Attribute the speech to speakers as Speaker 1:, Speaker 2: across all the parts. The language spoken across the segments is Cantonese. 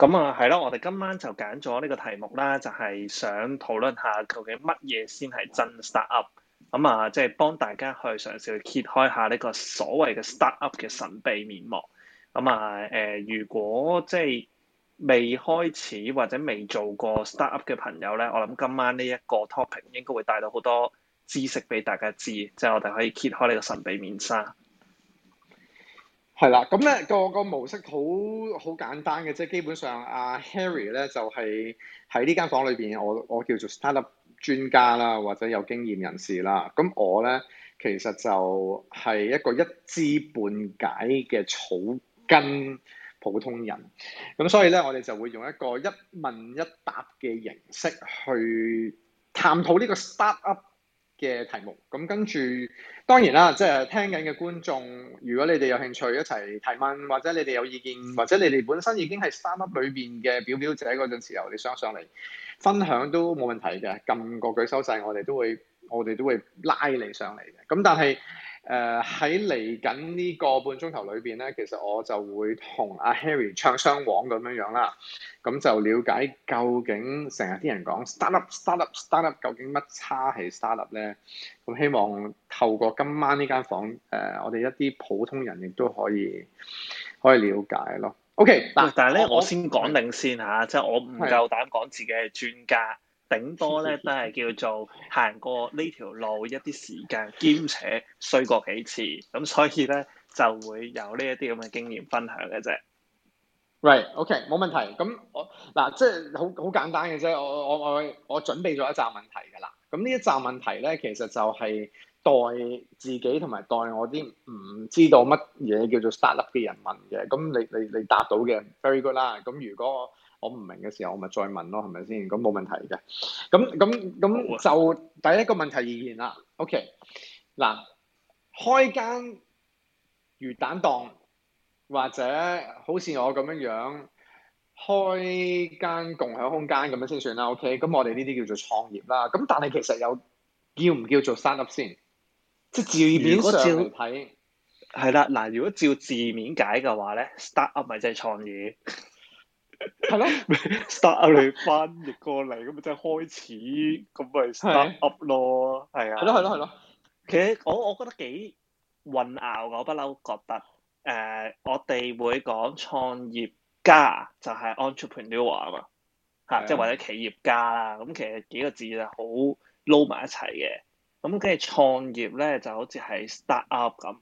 Speaker 1: 咁啊，係咯，我哋今晚就揀咗呢個題目啦，就係想討論下究竟乜嘢先係真 startup，咁啊，即係幫大家去嘗試去揭開下呢個所謂嘅 startup 嘅神秘面膜。咁啊，誒，如果即係未開始或者未做過 startup 嘅朋友咧，我諗今晚呢一個 topic 應該會帶到好多知識俾大家知，即係我哋可以揭開呢個神秘面紗。
Speaker 2: 係啦，咁咧個個模式好好簡單嘅，即係基本上阿、啊、Harry 咧就係喺呢間房裏邊，我我叫做 startup 專家啦，或者有經驗人士啦。咁我咧其實就係一個一知半解嘅草根普通人，咁所以咧我哋就會用一個一問一答嘅形式去探討呢個 startup。嘅題目，咁跟住當然啦，即係聽緊嘅觀眾，如果你哋有興趣一齊提問，或者你哋有意見，或者你哋本身已經係三粒裏邊嘅表表者嗰陣時候，你想上嚟分享都冇問題嘅。撳個舉手勢，我哋都會，我哋都會拉你上嚟嘅。咁但係，誒喺嚟緊呢個半鐘頭裏邊咧，其實我就會同阿 Harry 唱雙簧咁樣樣啦，咁就了解究竟成日啲人講 startup、startup、startup 究竟乜差係 startup 咧？咁希望透過今晚呢間房，誒、uh, 我哋一啲普通人亦都可以可以了解咯。OK，但係咧呢我，我先講
Speaker 1: 定先吓，即係是、啊就是、我唔夠膽講自己係專家。頂多咧都係叫做行過呢條路一啲時間，兼且衰過幾次，咁所以咧
Speaker 2: 就會有呢一啲咁嘅經驗分享嘅啫。喂、Right, OK，冇問題。咁我嗱即係好好簡單嘅啫。我我我我我準備咗一集問題噶啦。咁呢一集問題咧，其實就係代自己同埋代我啲唔知道乜嘢叫做 startup 嘅人問嘅。咁你你你答到嘅 Very good 啦。咁如果我我唔明嘅時候，我咪再問咯，係咪先？咁冇問題嘅。咁咁咁就第一個問題而言啦。OK，嗱，開間魚蛋檔，或者好似我咁樣樣開間共享空間咁樣先算啦。OK，咁我哋呢啲叫做創業啦。咁但係其實有叫唔叫做 start up 先？
Speaker 3: 即字面上嚟
Speaker 2: 睇，
Speaker 1: 係啦。嗱，如果照字面解嘅話咧，start up 咪即係創業。係咯 的，start up 你翻譯過嚟，咁咪即係開始，咁咪 start up 咯，係啊的。係咯係咯係咯，其實我我覺得幾混淆噶，我不嬲覺得誒、呃，我哋會講創業家就係 entrepreneur 啊的，吓，即係或者企業家啦，咁其實幾個字就好撈埋一齊嘅，咁跟住創業咧就好似係 start up 咁，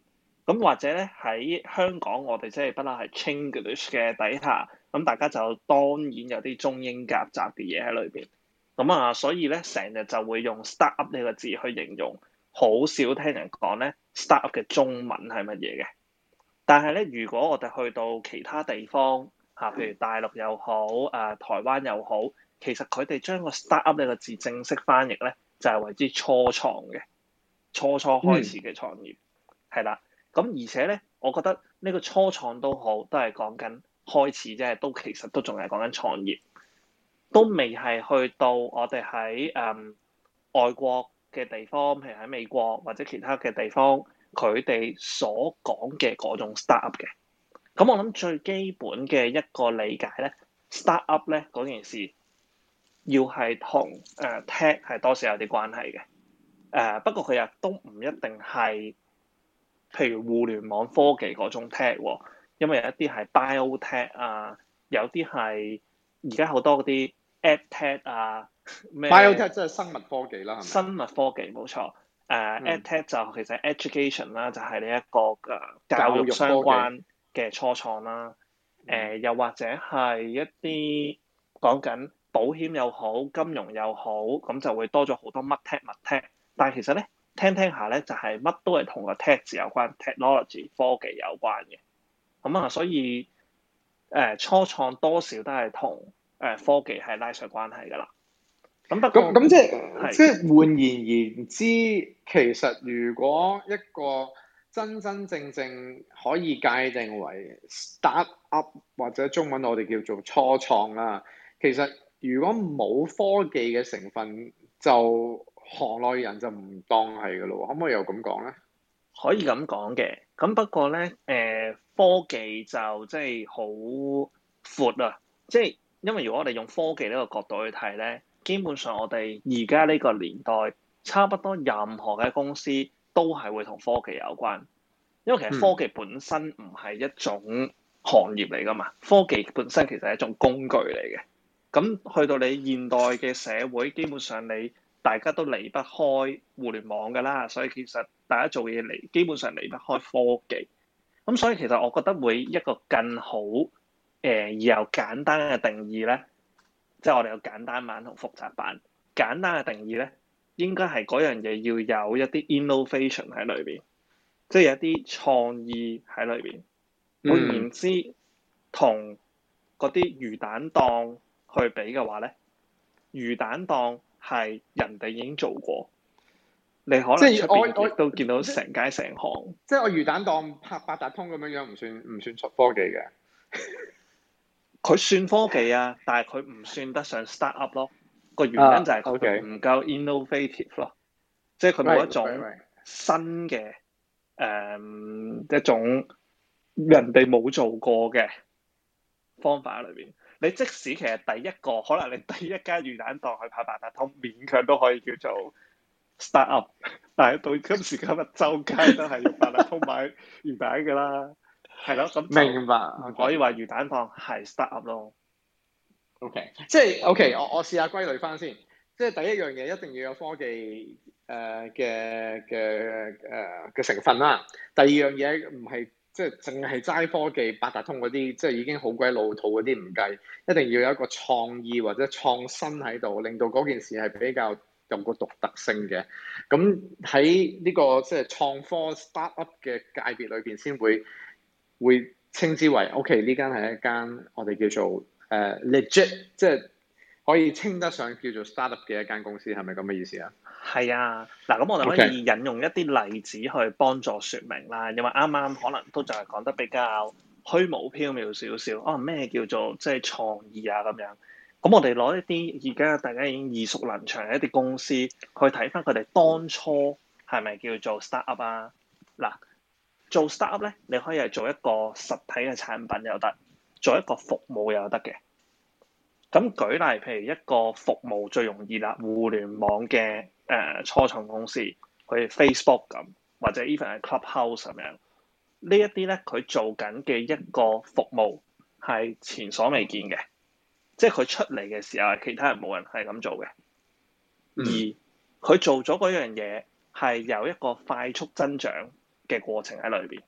Speaker 1: 咁或者咧喺香港我哋即係不嬲係 Chinglish 嘅底下。咁大家就當然有啲中英夾雜嘅嘢喺裏邊，咁啊，所以咧成日就會用 start up 呢個字去形容，好少聽人講咧 start up 嘅中文係乜嘢嘅。但係咧，如果我哋去到其他地方嚇、啊，譬如大陸又好啊，台灣又好，其實佢哋將個 start up 呢個字正式翻譯咧，就係、是、為之初創嘅，初初開始嘅創業，係啦、嗯。咁而且咧，我覺得呢個初創都好，都係講緊。開始啫，都其實都仲係講緊創業，都未係去到我哋喺誒外國嘅地方，譬如喺美國或者其他嘅地方，佢哋所講嘅嗰種 start up 嘅。咁我諗最基本嘅一個理解咧，start up 咧嗰件事要是跟，要係同誒 tech 係多少有啲關係嘅。誒、呃、不過佢啊都唔一定係，譬如互聯網科技嗰種 tech 喎。因為有一啲係 biotech 啊，有啲係而家好多嗰啲 edtech 啊，咩？biotech
Speaker 2: 即係生物科技啦。
Speaker 1: 生物科技冇錯，誒 edtech 就其實 education 啦，就係呢一個
Speaker 3: 教育相關
Speaker 1: 嘅初創啦、啊呃。又或者係一啲講緊保險又好、金融又好，咁就會多咗好多乜 tech 乜 tech。乜、tech，但係其實咧，聽聽一下咧，就係、是、乜都係同個 tech 字有關，technology 科技有關嘅。咁啊、嗯，所以誒、呃，初創多少都係同誒科技係拉上關係噶啦。
Speaker 2: 咁不過，咁即係即係換言言之，的其實如果一個真真正正可以界定為 start up 或者中文我哋叫做初創啦，其實如果冇科技嘅成分，就行內人就唔當係噶咯。可唔可以又咁講咧？可以咁講嘅。咁不
Speaker 1: 過咧，誒科技就即係好闊啊！即係因為如果我哋用科技呢個角度去睇咧，基本上我哋而家呢個年代，差不多任何嘅公司都係會同科技有關。因為其實科技本身唔係一種行業嚟㗎嘛，科技本身其實係一種工具嚟嘅。咁去到你現代嘅社會，基本上你。大家都離不開互聯網㗎啦，所以其實大家做嘢嚟基本上離不開科技。咁所以其實我覺得會一個更好誒而又簡單嘅定義咧，即係我哋有簡單版同複雜版。簡單嘅定義咧，應該係嗰樣嘢要有一啲 innovation 喺裏邊，即係有一啲創意喺裏邊。
Speaker 3: 換言
Speaker 1: 之，同嗰啲魚蛋檔去比嘅話咧，魚蛋檔。係人哋已經做過，你可能出邊都見到成街成行。
Speaker 2: 即係我魚蛋檔拍八達通咁樣樣，唔算唔算出科技嘅？
Speaker 1: 佢 算科技啊，但係佢唔算得上 startup 咯。個原因就係佢唔夠 innovative 咯，即係佢冇一種新嘅誒 Right, right.、嗯、一種人哋冇做過嘅方法喺裏邊。你即使其實第一個可能你第一間魚蛋檔去拍八達通，勉強都可以叫做 start up。但係到今時今日，在周街都係八達通買魚蛋嘅啦，係咯。 咁明白，可以話魚蛋檔係 start up 咯。O
Speaker 2: K，即係 O K，我我試下歸類返先。即係第一樣嘢一定要有科技誒嘅嘅誒嘅成分啦。第二樣嘢唔係。即係淨係齋科技八達通嗰啲，即係已經好鬼老土嗰啲唔計，一定要有一個創意或者創新喺度，令到嗰件事係比較有個獨特性嘅。咁喺呢個即係創科 startup 嘅界別裏邊，先會會稱之為 OK，呢間係一間我哋叫做誒、uh, legit，即係。可以稱得上叫做 startup 嘅一間公司，係咪咁嘅意思是啊？
Speaker 1: 係啊，嗱，咁我哋可以引用一啲例子去幫助說明啦。Okay. 因為啱啱可能都就係講得比較虛無縹緲少少啊，咩叫做即係創意啊咁樣？咁我哋攞一啲而家大家已經耳熟能詳嘅一啲公司去睇翻佢哋當初係咪叫做 startup 啊？嗱，啊，做 startup 咧，你可以係做一個實體嘅產品又得，做一個服務又得嘅。咁舉例，譬如一個服務最容易啦，互聯網嘅誒、呃、初創公司，佢 Facebook 咁，或者 even 係 Clubhouse 咁樣，呢一啲咧，佢做緊嘅一個服務係前所未見嘅，即係佢出嚟嘅時候，其他人冇人係咁做嘅，而佢做咗嗰樣嘢係有一個快速增長嘅過程喺裏面。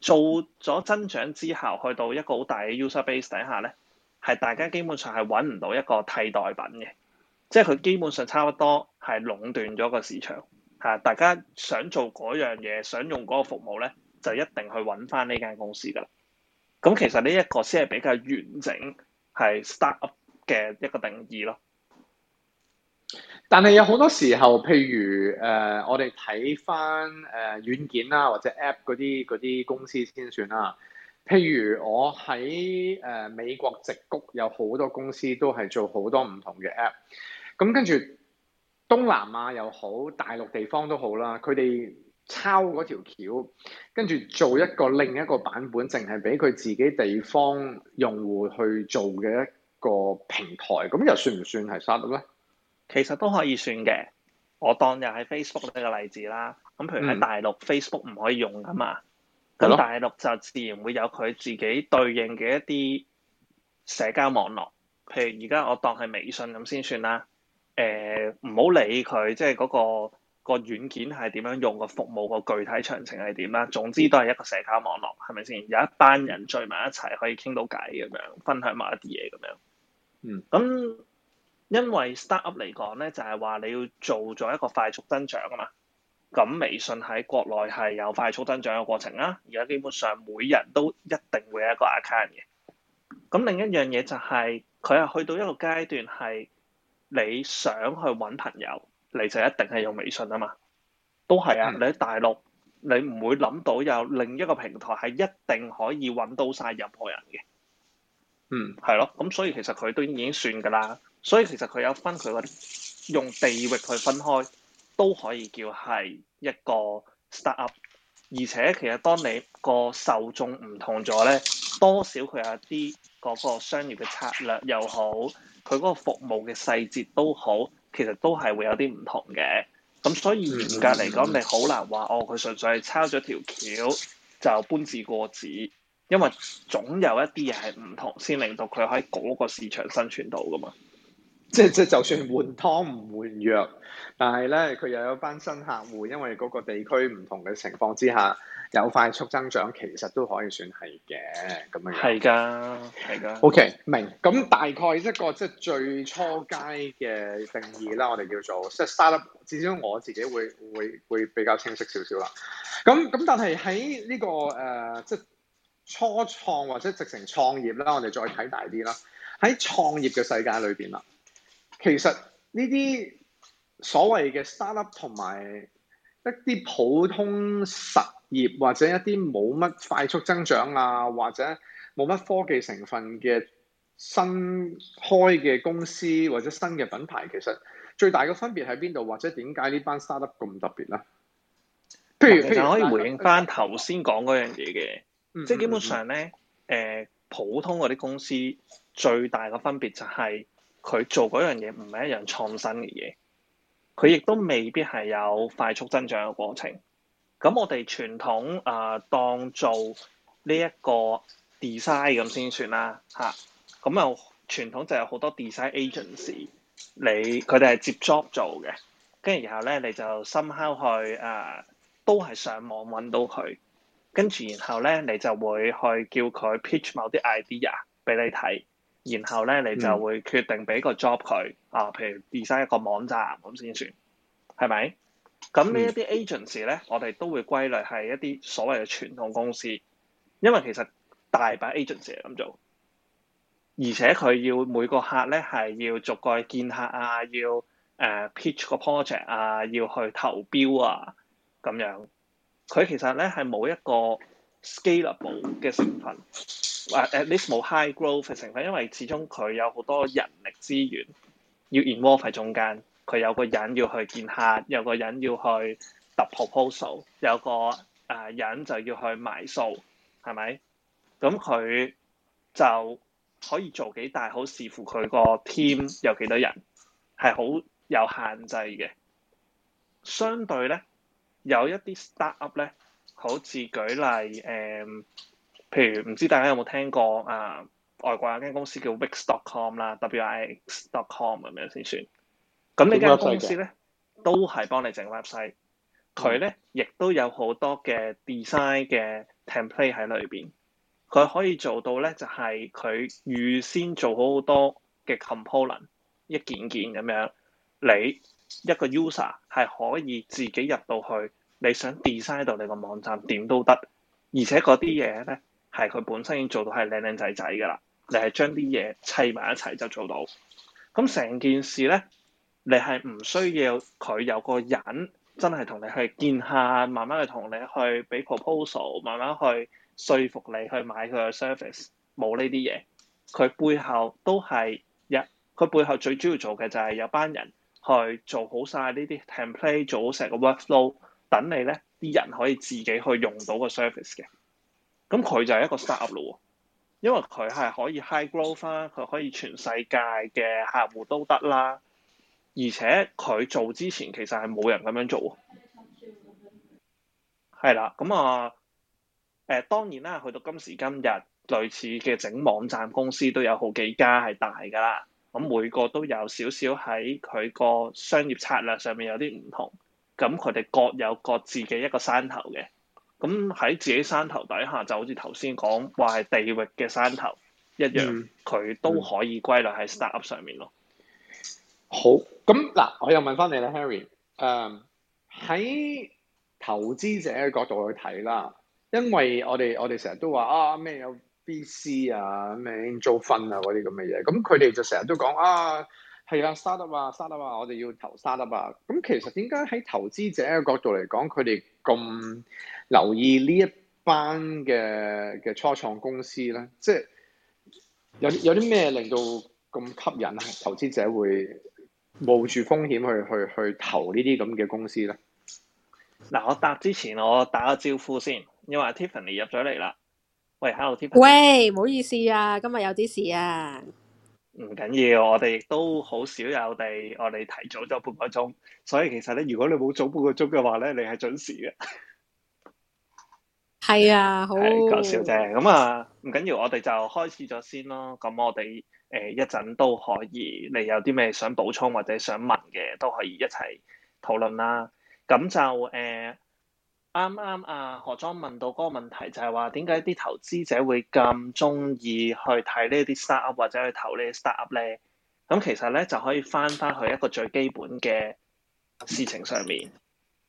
Speaker 1: 做咗增長之後，去到一個好大嘅 user base 底下咧。係大家基本上係揾唔到一個替代品嘅，即係佢基本上差唔多係壟斷咗個市場嚇。大家想做嗰樣嘢，想用嗰個服務咧，就一定去揾翻呢間公司噶啦。咁其實呢一個先係比較完整
Speaker 2: 係 start up 嘅一個定義咯。但係有好多時候，譬如誒、呃，我哋睇翻誒軟件啊，或者 app 嗰啲啲公司先算啦。譬如我喺美國直谷有好多公司都係做好多唔同嘅 App，咁跟住東南亞又好，大陸地方都好啦，佢哋抄嗰條橋，跟住做一個另一個版本，淨係俾佢自己地方用戶去做嘅一個平台，咁又算唔算係 startup 呢？其實都可以算嘅，
Speaker 1: 我當就係 Facebook 呢個例子啦。咁譬如喺大陸 Facebook 唔可以用噶嘛。嗯。咁大陸就自然會有佢自己對應嘅一啲社交網絡，譬如而家我當係微信咁先算啦。誒、呃，唔好理佢，即係嗰個個軟件係點樣用，個服務個具體詳情係點啦。總之都係一個社交網絡，係咪先？有一班人聚埋一齊可以傾到偈咁樣，分享埋一啲嘢咁樣。嗯。咁因為 start up 嚟講咧，就係、是、話你要做咗一個快速增長啊嘛。咁微信喺國內係有快速增長嘅過程啦、啊，而家基本上每人都一定會有一個 account 嘅。咁另一樣嘢就係、是，佢係去到一個階段係你想去揾朋友，你就一定係用微信啊嘛。都係啊，你喺大陸，你唔會諗到有另一個平台係一定可以揾到晒任何人嘅。嗯，係咯，咁所以其實佢都已經算㗎啦。所以其實佢有分佢用地域去分開，都可以叫係一個 startup，而且其實當你個受眾唔同咗咧，多少佢有啲嗰個商業嘅策略又好，佢嗰個服務嘅細節都好，其實都係會有啲唔同嘅。咁所以嚴格嚟講，你好難話哦，佢純粹係抄咗條橋就搬字過紙，因為總有一啲嘢係唔同，先令到佢喺
Speaker 2: 嗰個市場生存到㗎嘛。即即就算換湯唔換藥，但係呢，佢又有一班新客戶，因為嗰個地區唔同嘅情況之下，有快速增長，其實都可以算係嘅咁樣。係㗎，係㗎。OK，明。咁大概一個即最初階嘅定義啦，我哋叫做即 startup 至少我自己會會會比較清晰少少啦。咁咁，但係喺呢個誒即初創或者直情創業啦，我哋再睇大啲啦。喺創業嘅世界裏邊啦。其實呢啲所謂嘅 startup 同埋一啲普通實業或者一啲冇乜快速增長啊或者冇乜科技成分嘅新開嘅公司或者新嘅品牌，其實最大嘅分別喺邊度？或者點解呢班 startup 咁特別咧？譬如你可以回應翻頭先
Speaker 1: 講嗰樣嘢嘅，嗯嗯即係基本上咧，誒、呃、普通嗰啲公司最大嘅分別就係、係。佢做嗰樣嘢唔係一樣創新嘅嘢，佢亦都未必係有快速增長嘅過程。咁我哋傳統啊、呃，當做呢一個 design 咁先算啦，吓、啊，咁啊傳統就有好多 design agency 你佢哋係接 job 做嘅，跟住然後咧，你就 somehow 去誒、呃，都係上網揾到佢，跟住然後咧，你就會去叫佢 pitch 某啲 idea 俾你睇。然後咧，你就會決定俾個 job 佢、嗯、啊，譬如 design 一個網站咁先算，係咪？咁呢一啲 agency 咧，嗯、我哋都會歸類係一啲所謂嘅傳統公司，因為其實大把 agency 咁做，而且佢要每個客咧係要逐個去見客啊，要、uh, pitch 個 project 啊，要去投標啊，咁樣。佢其實咧係冇一個 scalable 嘅成分。At least 冇 high growth 嘅成分，因為始終佢有好多人力資源要 involve 喺中間，佢有個人要去見客，有個人要去搭 proposal，有個誒人就要去買數，係咪？咁佢就可以做幾大，好視乎佢個 team 有幾多人，係好有限制嘅。相對咧，有一啲 start up 咧，好似舉例誒。嗯譬如唔知大家有冇聽過啊，外國有間公司叫 Wix.com 啦，Wix.com 咁樣先算。咁呢間公司咧，都係幫你整 website。佢咧亦都有好多嘅 design 嘅 template 喺裏面。佢可以做到咧，就係佢預先做好好多嘅 component 一件件咁樣。你一個 user 係可以自己入到去，你想 design 到你個網站點都得。而且嗰啲嘢咧～係佢本身已經做到係靚靚仔仔㗎喇，你係將啲嘢砌埋一齊就做到。咁成件事咧，你係唔需要佢有個人真係同你去見下，慢慢去同你去俾 proposal，慢慢去說服你去買佢個 service。冇呢啲嘢，佢背後都係一，佢背後最主要做嘅就係有班人去做好晒呢啲 template，做好成個 workflow，等你咧啲人可以自己去用到個 service 嘅。咁佢就係一個 startup 咯，因為佢係可以 high grow 翻，佢可以全世界嘅客戶都得啦。而且佢做之前其實係冇人咁樣做，係啦。咁 啊，誒、呃、當然啦，去到今時今日，類似嘅整網站公司都有好幾家係大噶啦。咁每個都有少少喺佢個商業策略上面有啲唔同，咁佢哋各有各自嘅一個山頭嘅。咁喺自己山頭底下，就好似頭先講話係地域嘅山頭一樣，佢、嗯嗯、都可
Speaker 2: 以歸類喺 start up 上面咯。好，咁嗱，我又問翻你啦，Harry，誒、嗯、喺投資者嘅角度去睇啦，因為我哋我哋成日都話啊咩有 B C 啊、咩 Angel Fund 啊嗰啲咁嘅嘢，咁佢哋就成日都講啊係啊 start up 啊 start up 啊，我哋要投 start up 啊。咁其實點解喺投資者嘅角度嚟講，佢哋？咁留意呢一班嘅嘅初創公司咧，即係有有啲咩令到咁吸引啊？投資者會冒住風險去去去投呢啲咁嘅公司咧？
Speaker 1: 嗱，我答之前我打個招呼先，因為 Tiffany 入咗嚟啦。喂，hello Tiffany。
Speaker 4: 喂，唔好意思啊，今日有啲事啊。
Speaker 1: 唔緊要，我哋都好少有哋，我哋提早咗半個鐘，所以其實咧，如果你冇早半個鐘嘅話咧，你係準時嘅。
Speaker 4: 係 啊，好搞笑啫！咁、
Speaker 1: 嗯、啊，唔緊要，我哋就開始咗先咯。咁、嗯、我哋誒、呃、一陣都可以，你有啲咩想補充或者想問嘅，都可以一齊討論啦。咁、嗯、就誒。呃啱啱啊何莊問到嗰個問題就是，就係話點解啲投資者會咁中意去睇呢啲 startup 或者去投呢啲 startup 呢啲 startup 咧？咁其實咧就可以翻翻去一個最基本嘅事情上面，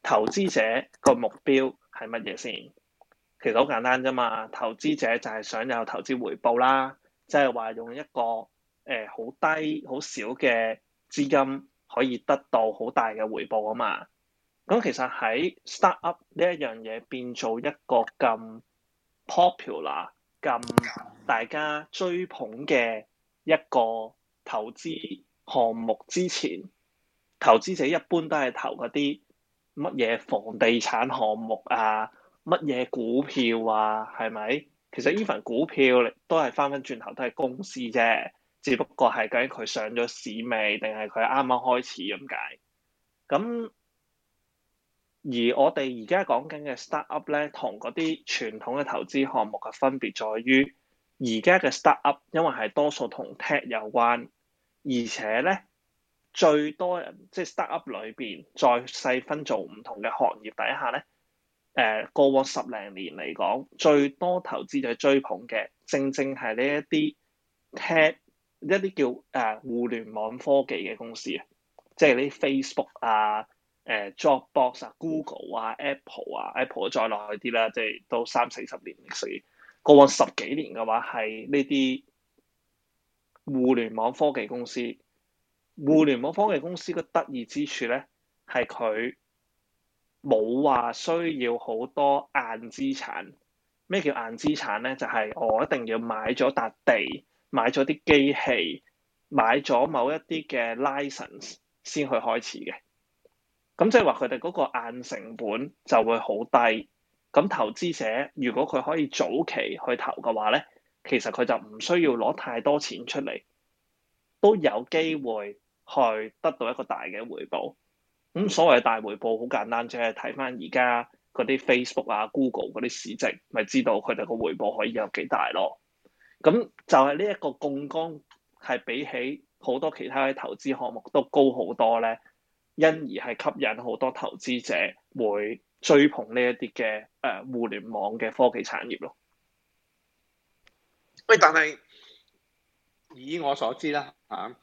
Speaker 1: 投資者個目標係乜嘢先？其實好簡單啫嘛，投資者就係想有投資回報啦，即係話用一個誒呃好低好少嘅資金可以得到好大嘅回報啊嘛。咁其實喺 startup 呢一樣嘢變做一個咁 popular、咁大家追捧嘅一個投資項目之前，投資者一般都係投嗰啲乜嘢房地產項目啊，乜嘢股票啊，係咪？其實呢份股票都係返返轉頭都係公司啫，只不過係究竟佢上咗市未，定係佢啱啱開始咁解？咁而我哋而家講緊嘅 start up 咧，同嗰啲傳統嘅投資項目嘅分別在於，而家嘅 start up 因為係多數同 tech 有關，而且咧最多人即係、就是、start up 裏邊再細分做唔同嘅行業底下咧，誒、呃、過往十零年嚟講，最多投資就係追捧嘅，正正係呢一啲 tech 一啲叫誒互聯網科技嘅公司是啊，即係啲 Facebook 啊。誒，Dropbox、uh, 啊、Google 啊、Apple 啊、Apple 再落去啲啦，即係都三四十年歷史。過往十幾年嘅話，係呢啲互聯網科技公司。
Speaker 3: 互聯
Speaker 1: 網科技公司嘅得意之處咧，係佢冇話需要好多硬資產。咩叫硬資產咧？就係、是、我一定要買咗笪地、買咗啲機器、買咗某一啲嘅 license 先去開始嘅。咁即係話佢哋嗰個硬成本就會好低，咁投資者如果佢可以早期去投嘅話咧，其實佢就唔需要攞太多錢出嚟，都有機會去得到一個大嘅回報。咁所謂大回報好簡單，淨係睇翻而家嗰啲 Facebook 啊、Google 嗰啲市值，咪知道佢哋個回報可以有幾大咯。咁就係呢一個槓桿係比起好多其他嘅投資項目都高好多咧。因而係吸引好多投資者會追捧呢一啲嘅誒互聯網嘅科技
Speaker 2: 產業咯。喂，但係以我所知啦，嚇，啊，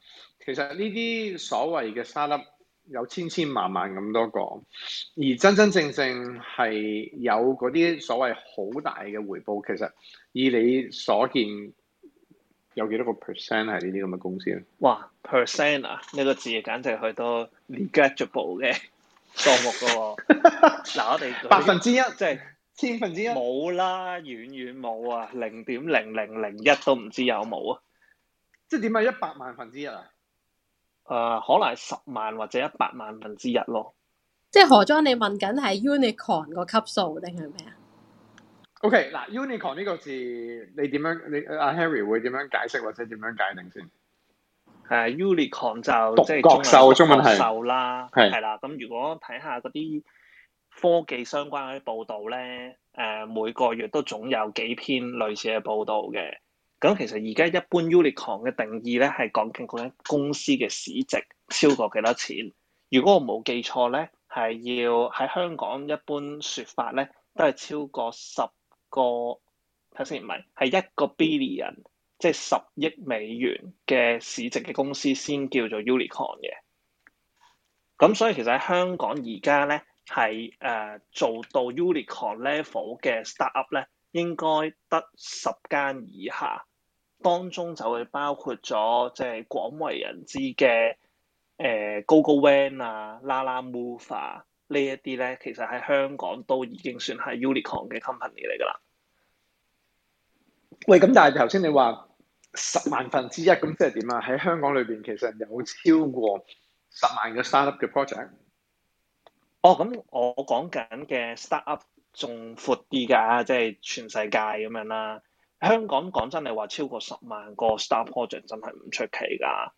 Speaker 2: 其實呢啲所謂嘅沙粒有千千萬萬咁多個，而真真正正係有嗰啲所謂好大嘅回報，其實以你所見。有幾多個 percent 係呢啲咁嘅公司咧？哇，percent 啊，呢、這個字簡直係去到 negligible 嘅
Speaker 1: 數目噶喎、啊！嗱， 我哋百分之一即係千分之一，冇啦，遠遠冇啊，零點零零零一都唔知有冇啊！即係點解啊？一百萬分之一啊？誒、呃，可能係十萬或者一百萬分之一咯。
Speaker 4: 即係何裝？你問緊係 unicorn 個級數定係咩啊？
Speaker 2: O.K. 嗱，unicorn 呢個字你點樣？你阿、啊、Harry 會點樣解釋或者點樣界定先？係、uh, unicorn 就獨角獸，讀 就係中文係。係啦，咁是如果
Speaker 1: 睇下嗰啲科技相關嗰啲報道咧，誒、呃、每個月都總有幾篇類似嘅報道嘅。咁其實而家一般 unicorn 嘅定義咧，係講緊嗰間公司嘅市值超過幾多錢？如果我冇記錯咧，係要喺香港一般說法咧，都係超過十。個頭先唔係，係一個 billion，即係十億美元嘅市值嘅公司先叫做 unicorn 嘅。咁所以其實喺香港而家咧，係誒、呃、做到 unicorn level 嘅 startup 咧，應該得十間以下，當中就會包括咗即係廣為人知嘅誒、呃、GoGoVan 啊、啦啦 Move 這呢一啲咧，其實喺香港都已經算係 unicorn 嘅 company 嚟㗎啦。
Speaker 2: 喂，咁但係頭先你話十萬分之一，咁即係點啊？喺香港裏邊其實有超過十萬個 startup 嘅 project。Pro 哦，咁、嗯、我講緊嘅 startup 仲闊啲㗎，即係全
Speaker 1: 世界咁樣啦。香港講真，你話超過十萬個 startup project 真係唔出奇㗎。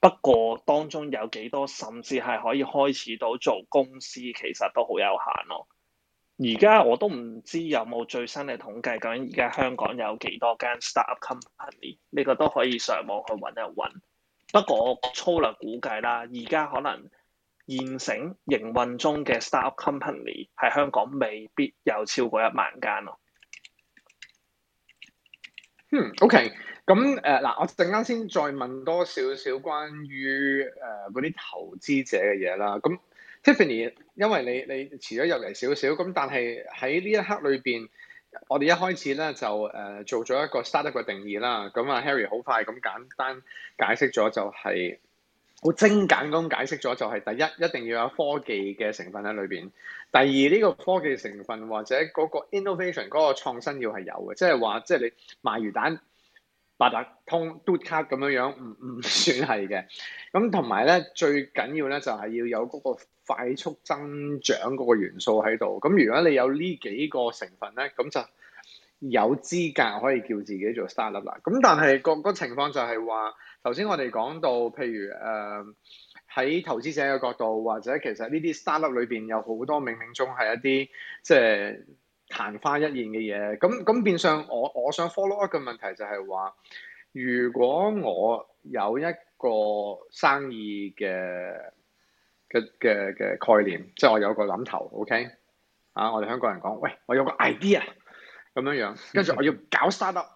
Speaker 1: 不過當中有幾多甚至係可以開始到做公司，其實都好有限咯。而家我都唔知有冇最新嘅統計，究竟而家香港有幾多間 startup company？呢個都可以上網去揾一揾。不過我粗略估計啦，而家可能現成營運中嘅 startup company 喺香港未必有超過一萬間咯、啊嗯。
Speaker 2: 嗯，OK。咁誒嗱，我陣間先再問多少少關於誒嗰啲投資者嘅嘢啦。咁 Tiffany，因為你你遲咗入嚟少少，咁但係喺呢一刻裏邊，我哋一開始咧就誒、呃、做咗一個 startup 嘅定義啦。咁啊 Harry 好快咁簡單解釋咗、就係，就係好精簡咁解釋咗，就係第一一定要有科技嘅成分喺裏邊，第二呢、呢個科技成分或者嗰個 innovation 嗰個創新要係有嘅，即係話即係你賣魚蛋，八達通、Dood 卡咁樣樣唔唔算係嘅，咁同埋咧最緊要咧就係要有嗰個快速增長嗰個元素喺度。咁如果你有呢幾個成分咧，咁就有資格可以叫自己做 startup 啦。咁但係個情況就係話，頭先我哋講到，譬如呃、喺投資者嘅角度，或者其實呢啲 startup 裏面有好多冥冥中係一啲即係。即係曇花一現嘅嘢，咁咁變相我我想 follow 一個問題就係話，如果我有一個生意嘅嘅嘅概念，即係我有個諗頭，OK 啊，我哋香港人講，喂，我有個 idea 咁樣樣，跟住我要搞 startup，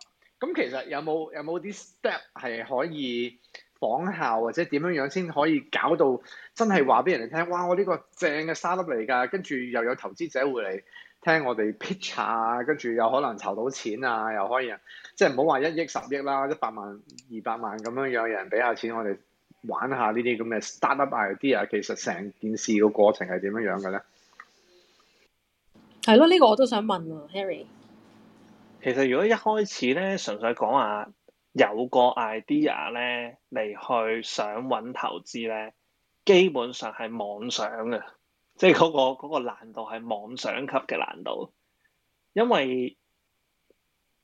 Speaker 2: 咁 其實有冇有冇啲 step 係可以仿效，或者點樣樣先可以搞到真係話俾人哋聽，哇！我呢個正嘅 startup 嚟㗎，跟住又有投資者會嚟。聽我哋 pitch 啊，跟住又可能籌到錢啊，又可以啊，即係唔好話一億十億啦，一百萬、二百萬咁樣樣，有人俾下錢我哋玩下呢啲咁嘅 startup idea，其實成件事個過程係點樣樣嘅咧？
Speaker 4: 係咯，呢個我都想問啊，Harry。
Speaker 1: 其實如果一開始咧，純粹講下有個 idea 咧，嚟去想揾投資咧，基本上係妄想嘅。即係嗰個嗰個難度係妄想級嘅難度，因為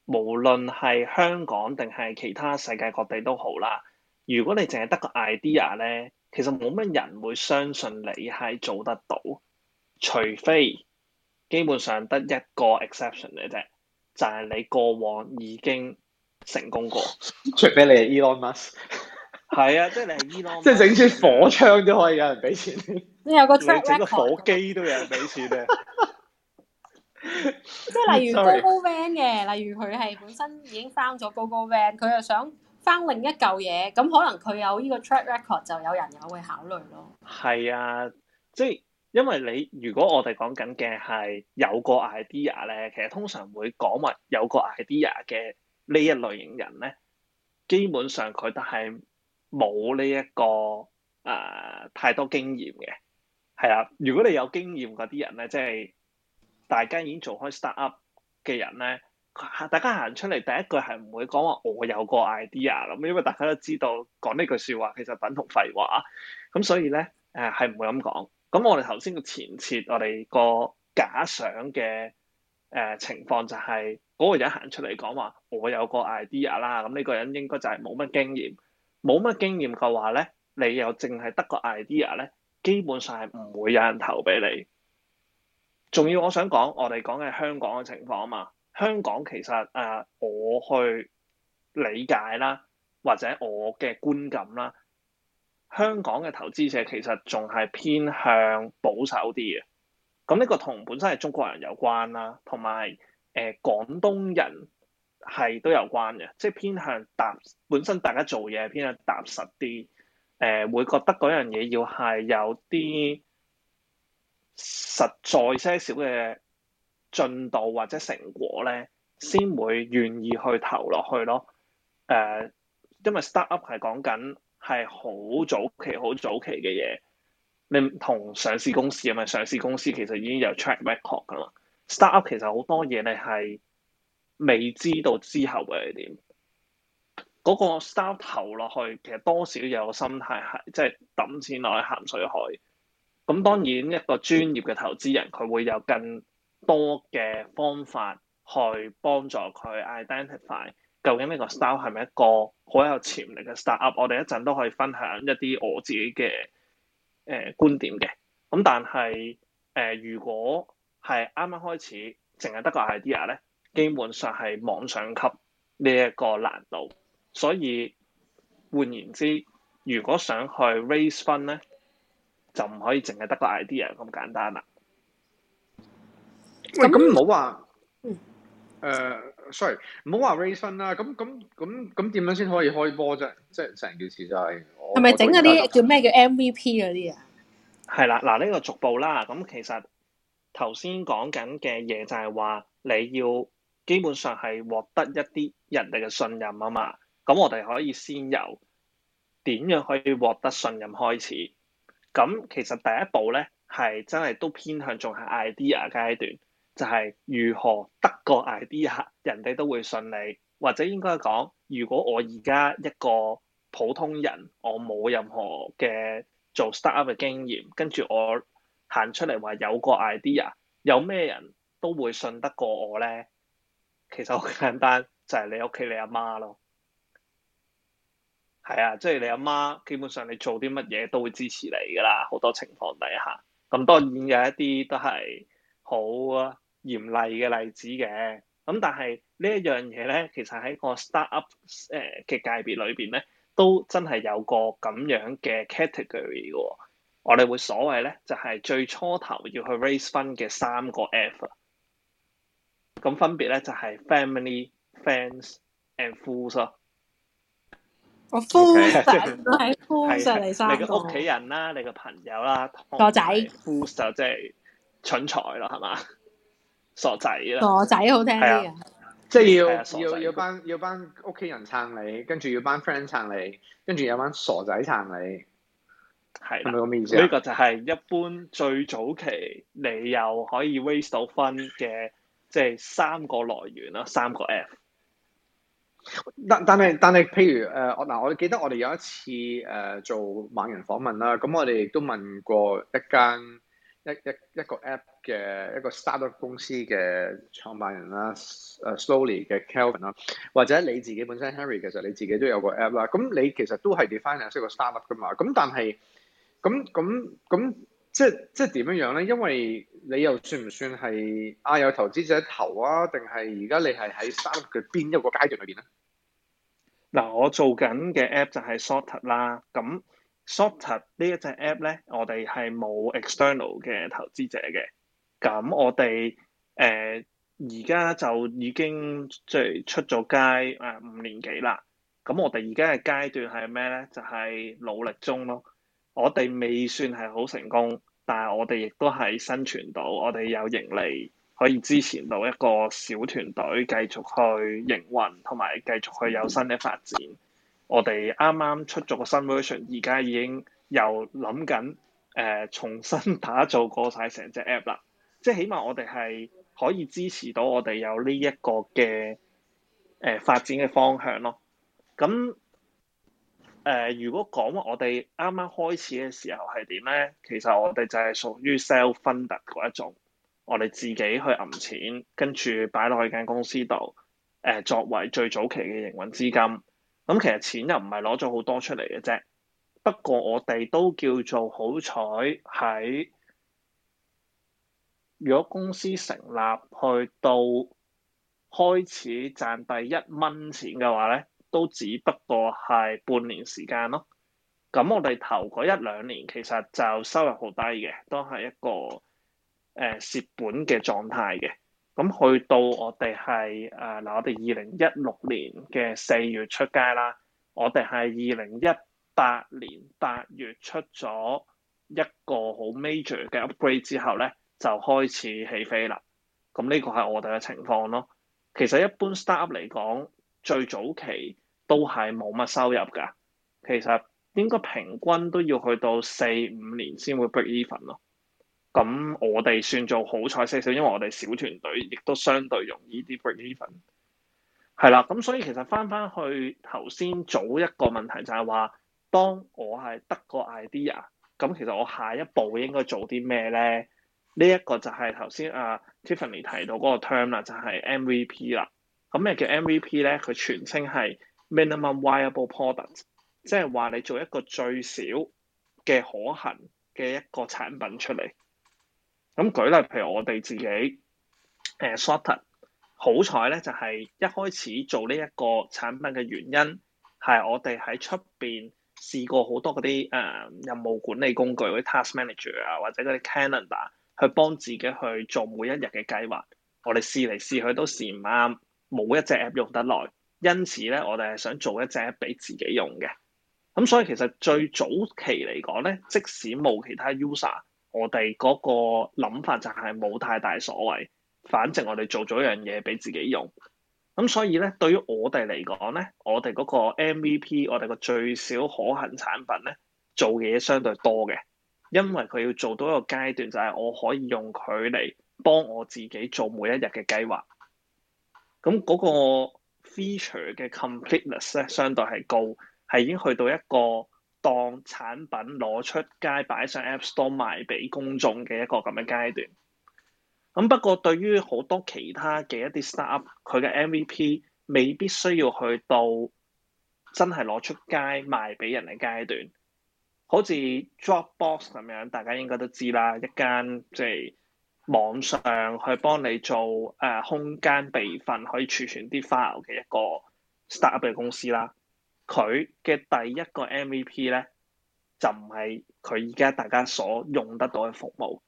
Speaker 1: 無論係香港定係其他世界各地都好啦。如果你淨係得個 idea 咧，其實冇乜人會相信你係做得到，除非基本上得一個 exception 嘅啫，就係、是、你過往已經成功過，
Speaker 2: 除非你係 Elon Musk。
Speaker 1: 係啊，即係你係 Elon，即係整支火槍都可以有人俾錢。
Speaker 4: 你有個 track record，個火
Speaker 1: 機都有人俾錢咧。 即係例如
Speaker 4: GoGoVan 嘅， 例如佢係本身已經翻咗 GoGoVan，佢又想翻另一嚿嘢，咁可能佢有呢個 track record，就有人有會考慮咯。
Speaker 1: 係啊，即係因為你如果我哋講緊嘅係有個 idea 咧，其實通常會講埋有個 idea 嘅呢一類型人咧，基本上佢都係。冇呢一個誒、呃、太多經驗嘅係啦。如果你有經驗嗰啲人咧，即係大家已經做開 start up 嘅人咧，大家行出嚟第一句係唔會講話我有個 idea 啦，因為大家都知道講呢句説話其實等同廢話咁，所以咧誒係唔會咁講。咁我哋頭先嘅前設，我哋個假想嘅誒、呃、情況就係嗰個人行出嚟講話我有個 idea 啦，咁呢個人應該就係冇乜經驗。冇乜經驗嘅話咧，你又淨係得個 idea 咧，基本上係唔會有人投俾你。仲要，我想講，我哋講嘅香港嘅情況啊嘛，香港其實，誒，我去理解啦，或者我嘅觀感啦，香港嘅投資者其實仲係偏向保守啲嘅。咁呢個同本身係中國人有關啦，同埋誒廣東人。係都有關嘅，即係偏向踏，本身大家做嘢偏向踏實啲，誒、呃，會覺得嗰樣嘢要係有啲實在些少嘅進度或者成果咧，先會願意去投落去咯。誒、呃，因為 startup 係講緊係好早期、好早期嘅嘢，你同上市公司咁嘅上市公司其實已經有 track record 噶啦，startup 其實好多嘢你係。未知道之後會係點，嗰個 startup 投落去，其實多少有心態係即係抌錢落去鹹水海。咁當然一個專業嘅投資人，佢會有更多嘅方法去幫助佢 identify 究竟呢個 startup 係咪一個好有潛力嘅 startup。我哋一陣都可以分享一啲我自己嘅誒、呃、觀點嘅。咁但係、呃、如果係啱啱開始只有，淨係得個 idea 咧。基本上係網上級呢一個難度，所以換言之，如果想去 raise fund 咧，就唔可以淨係得個 idea 咁簡
Speaker 2: 單啦。那，喂，咁唔好話，嗯，誒，sorry，唔好話 raise fund 啦。咁咁咁咁點樣先可以開波啫？即係成件事就係，係咪整嗰啲
Speaker 4: 叫咩叫 MVP 嗰啲啊？
Speaker 2: 係啦，嗱，呢個逐步啦。
Speaker 1: 咁其實頭先講緊嘅嘢就係話你要。基本上係獲得一啲人哋嘅信任啊嘛，咁我哋可以先由點樣可以獲得信任開始。咁其實第一步咧，係真係都偏向仲係 idea 階段，就係如何得個 idea，人哋都會信你。或者應該講，如果我而家一個普通人，我冇任何嘅做 start up 嘅經驗，跟住我行出嚟話有個 idea，有咩人都會信得過我咧？其實好簡單，就係、是、你屋企你阿媽咯。係啊，即、就、係、是、你阿媽，基本上你做啲乜嘢都會支持你噶啦。好多情況底下，咁當然有一啲都係好嚴厲嘅例子嘅。咁但係呢一樣嘢咧，其實喺個 start up 誒嘅界別裏邊咧，都真係有個咁樣嘅 category 嘅。我哋會所謂咧，就係、是、最初頭要去 raise 分嘅三個 e f f 咁分別咧就係、是、family、friends and fools 咯。
Speaker 3: 我 fools 都係 fools 嚟，三個你個屋企
Speaker 1: 人啦，你個朋友啦仔，傻仔 fools 就即
Speaker 2: 係蠢材咯，係嘛？傻仔啦，傻仔好聽啲啊！即係要要要班要班屋企人撐你，跟住要班 friend 撐你，跟住有班傻仔撐你，係咪咁意思？呢個就係一般最早
Speaker 1: 期你又可以 raise 到分嘅。即係三個來源啦，三個 app。
Speaker 2: 但但係但係，譬如誒，我、呃、嗱，我記得我哋有一次誒、呃、做猛人訪問啦，咁我哋亦都問過一間一一一個 app 嘅一個 startup 公司嘅創辦人啦，誒、啊、Slowly 嘅 Kelvin 啦，或者你自己本身 Henry 其實你自己都有個 app 啦，咁你其實都係 define 係一個 startup 㗎嘛，咁但係咁咁咁。即係即係點樣樣咧？因為你又算唔算係啊有投資者投啊？定係而家你係喺 startup 嘅邊一個階段裏邊咧？嗱，我做緊嘅 app 就係 Short
Speaker 1: 啦。咁 Short 呢一隻 app 咧，我哋係冇 external 嘅投資者嘅。咁我哋誒而家就已經即係出咗街誒五年幾啦。咁我哋而家嘅階段係咩咧？就係、係、努力中咯。我哋未算係好成功，但係我哋亦都係生存到，我哋有盈利可以支持到一個小團隊繼續去營運，同埋繼續去有新嘅發展。我哋啱啱出咗個新 version，而家已經又諗緊誒重新打造過晒成隻 app 啦。即係起碼我哋係可以支持到我哋有呢一個嘅誒、呃、發展嘅方向咯。咁。呃、如果講我哋啱啱開始嘅時候係點咧？其實我哋就係屬於 self-fund 嗰一種，我哋自己去揞錢，跟住擺落去間公司度、呃，作為最早期嘅營運資金。咁其實錢又唔係攞咗好多出嚟嘅啫。不過我哋都叫做好彩喺，如果公司成立去到開始賺第一蚊錢嘅話咧。都只不過係半年時間咯，咁我哋頭嗰一兩年其實就收入好低嘅，都係一個誒蝕本嘅狀態嘅。咁去到我哋係誒嗱，我哋二零一六年嘅四月出街啦，我哋係二零一八年八月出咗一個好 major 嘅 upgrade 之後咧，就開始起飛啦。咁呢個係我哋嘅情況咯。其實一般 startup 嚟講，最早期都係冇乜收入噶，其實應該平均都要去到四五年先會 break even 咯。咁我哋算做好彩些少，因為我哋小團隊亦都相對容易啲 break even。係啦，咁所以其實翻翻去頭先早一個問題就係話，當我係得個 idea，咁其實我下一步應該做啲咩咧？呢一個就係頭先阿 Tiffany 提到嗰個 term 啦，就係 MVP 啦。咁咩叫 MVP 咧？佢全稱係 minimum viable product，即係話你做一個最少嘅可行嘅一個產品出嚟。咁舉例，譬如我哋自己誒 Shorter，、呃、好彩咧就係、是、一開始做呢一個產品嘅原因係我哋喺出邊試過好多嗰啲誒任務管理工具，啲 task manager 啊或者嗰啲 calendar 去幫自己去做每一日嘅計劃，我哋試嚟試去都試唔啱。冇一隻 app 用得耐，因此咧，我哋係想做一隻 app 俾自己用嘅。咁所以其實最早期嚟講咧，即使冇其他 user，我哋嗰個諗法就係冇太大所謂，反正我哋做咗一樣嘢俾自己用。咁所以咧，對於我哋嚟講咧，我哋嗰個 MVP，我哋個最小可行產品咧，做嘅嘢相對多嘅，因為佢要做到一個階段就係我可以用佢嚟幫我自己做每一日嘅計劃。咁嗰個 feature 嘅 completeness 咧，相對係高，係已經去到一個當產品攞出街擺上 App Store 賣俾公眾嘅一個咁嘅階段。咁不過對於好多其他嘅一啲 startup，佢嘅 MVP 未必需要去到真係攞出街賣俾人嘅階段。好似 Dropbox 咁樣，大家應該都知啦，一間即係，就是網上去幫你做、呃、空間備份，可以儲存啲 file 嘅一個 start up 嘅公司啦。佢嘅第一個 MVP 咧，就唔係佢而家大家所用得到嘅服務。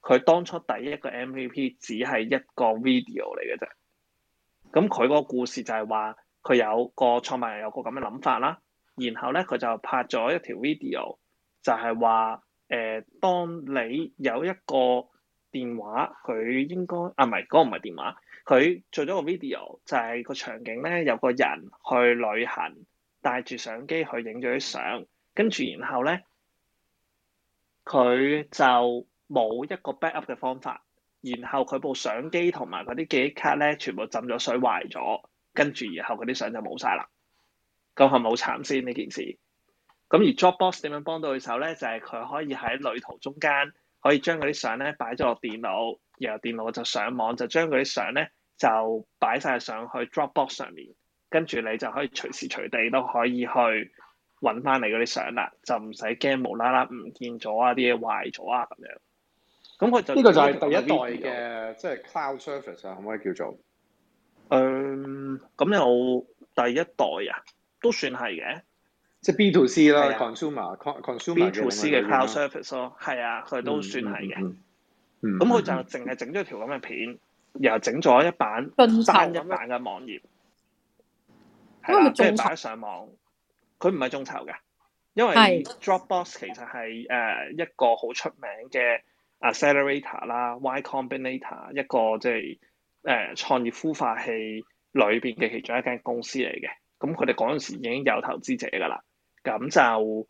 Speaker 1: 佢當初第一個 MVP 只係一個 video 嚟嘅啫。咁佢個故事就係話，佢有個創辦人有個咁嘅諗法啦。然後咧，佢就拍咗一條 video，就係話誒，當你有一個電話佢應該啊，唔係嗰個唔係電話，佢、啊那個、做咗個 video 就係個場景咧，有個人去旅行，帶住相機去影咗啲相，跟住然後咧佢就冇一個 backup 嘅方法，然後佢部相機同埋嗰啲記憶卡咧，全部浸咗水壞咗，跟住然後嗰啲相就冇晒啦。咁係咪好慘先呢件事呢？咁而 Dropbox 點樣幫到佢手咧？就係、是、佢可以喺旅途中間。可以將嗰啲相咧擺咗落電腦，然後電腦就上網就將嗰啲相咧就擺晒上去 Dropbox 上面，跟住你就可以隨時隨地都可以去揾翻你嗰啲相啦，就唔使驚無啦啦唔見咗啊，啲嘢壞咗啊咁樣。咁佢就呢個就係第一代嘅，即
Speaker 2: 係、就是、Cloud Surface 啊，可唔可以叫做？嗯，
Speaker 1: 咁有第一代啊，都算係嘅。
Speaker 3: 即係 B to C 啦
Speaker 1: ，consumer，consumer 嘅 cloud service 咯，係啊，佢的的都算係嘅。咁佢、嗯嗯嗯、就淨係整咗一條咁嘅片，然後整咗一版，單一版嘅網頁，即係擺上網，佢唔係眾籌嘅，
Speaker 3: 因為
Speaker 1: Dropbox 其實係誒一個好出名嘅 accelerator 啦，Y Combinator 一個即係誒創業孵化器裏邊嘅其中一間公司嚟嘅。咁佢哋嗰陣時已經有投資者噶啦。咁就、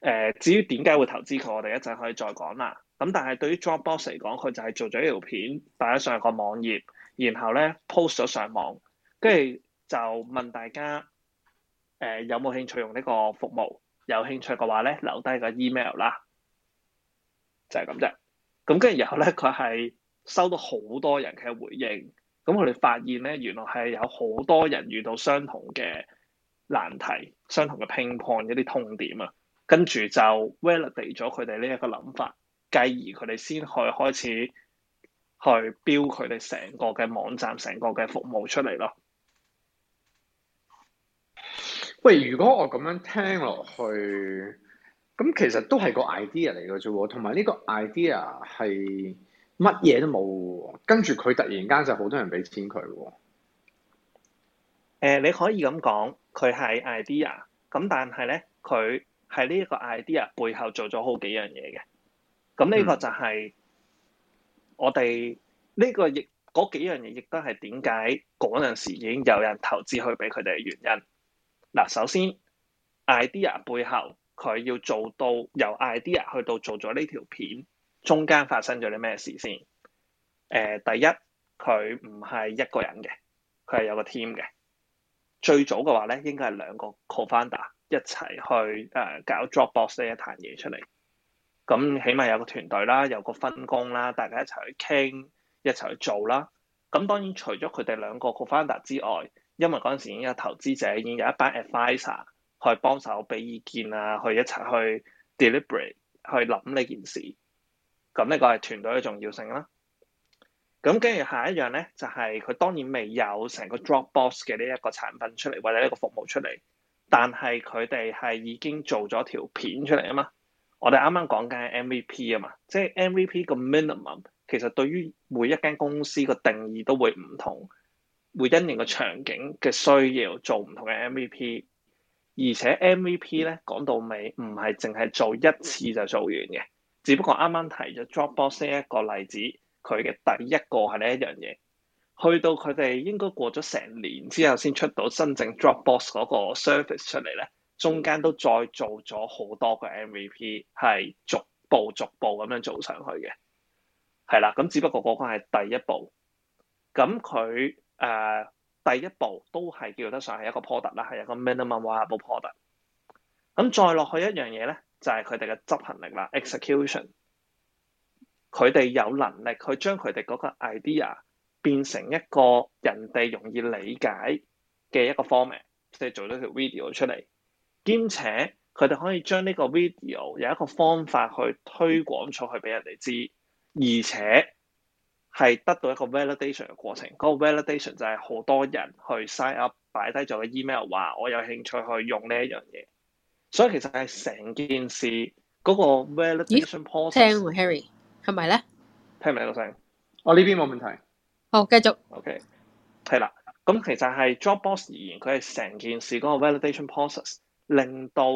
Speaker 1: 呃、至於點解會投資佢，我哋一陣可以再講啦。咁但係對於 Dropbox 嚟講，佢就係做咗呢條片，擺咗上個網頁，然後咧 post 咗上網，跟住就問大家、呃、有冇興趣用呢個服務？有興趣嘅話咧，留低個 email 啦，就係咁啫。咁跟住然後咧，佢係收到好多人嘅回應。咁我哋發現咧，原來係有好多人遇到相同嘅。難題相同嘅乒乓一啲痛點啊，跟住就 validate 咗佢哋呢一個諗法，繼而佢哋先去開始去 build 佢哋成個嘅網站、成個嘅服務出
Speaker 2: 嚟咯。喂，如果我咁樣聽落去，咁其實都係個 idea 嚟嘅啫，同埋呢個 idea 係乜嘢都冇，跟住佢突然間就好多人俾錢佢。誒、呃，你可以咁講。佢係 idea，咁但係咧，
Speaker 1: 佢喺呢一個 idea 背後做咗好幾樣嘢嘅。
Speaker 4: 咁呢個就
Speaker 1: 係我哋呢、嗯這個亦嗰幾樣嘢，亦都係點解嗰陣時已經有人投資去俾佢哋嘅原因。嗱，首先 idea 背後佢要做到由 idea 去到做咗呢條片，中間發生咗啲咩事先？誒、呃，第一佢唔係一個人嘅，佢係有個 team 嘅。最早嘅話咧，應該係兩個 cofounder 一齊去、呃、搞 Dropbox 呢一壇嘢出嚟，咁起碼有個團隊啦，有個分工啦，大家一齊去傾，一齊去做啦。咁當然除咗佢哋兩個 cofounder 之外，因為嗰陣時已經有投資者，已經有一班 adviser 去幫手俾意見啊，去一齊去 deliberate 去諗呢件事。咁呢個係團隊嘅重要性啦。咁跟住下一樣咧，就係佢當然未有成個 Dropbox 嘅呢一個產品出嚟或者呢個服務出嚟，但係佢哋係已經做咗條片出嚟啊嘛！我哋啱啱講緊 MVP 啊嘛，即係 MVP 個 minimum 其實對於每一間公司個定義都會唔同，會因應個場景嘅需要做唔同嘅 MVP，而且 MVP 咧講到尾唔係淨係做一次就做完嘅，只不過啱啱提咗 Dropbox 呢一個例子。佢嘅第一個係呢一樣嘢，去到佢哋應該過咗成年之後，先出到真正 Dropbox 嗰個 service 出嚟咧。中間都再做咗好多個 MVP，係逐步逐步咁樣做上去嘅。係啦，咁只不過嗰個係第一步。咁佢、呃、第一步都係叫得上係一個 product 啦，係一個 minimum viable product。咁再落去一樣嘢咧，就係佢哋嘅執行力啦，execution。佢哋有能力去將佢哋嗰個 idea 變成一個人哋容易理解嘅一個 format，即係做咗條 video 出嚟，兼且佢哋可以將呢個 video 有一個方法去推廣出去俾人哋知，而且係得到一個 validation 嘅過程。嗰個 validation 就係好多人去 sign up 擺低咗個 email 話我有興趣去用呢一樣嘢，所以其實係成件事嗰個 validation
Speaker 4: process 了。係咪咧？係咪呢，
Speaker 1: 聽唔聽到聲？我呢邊冇問題。
Speaker 4: 好，繼續。OK，
Speaker 1: 係啦。咁其實係 Dropbox 而言，佢係成件事嗰個 validation process，令到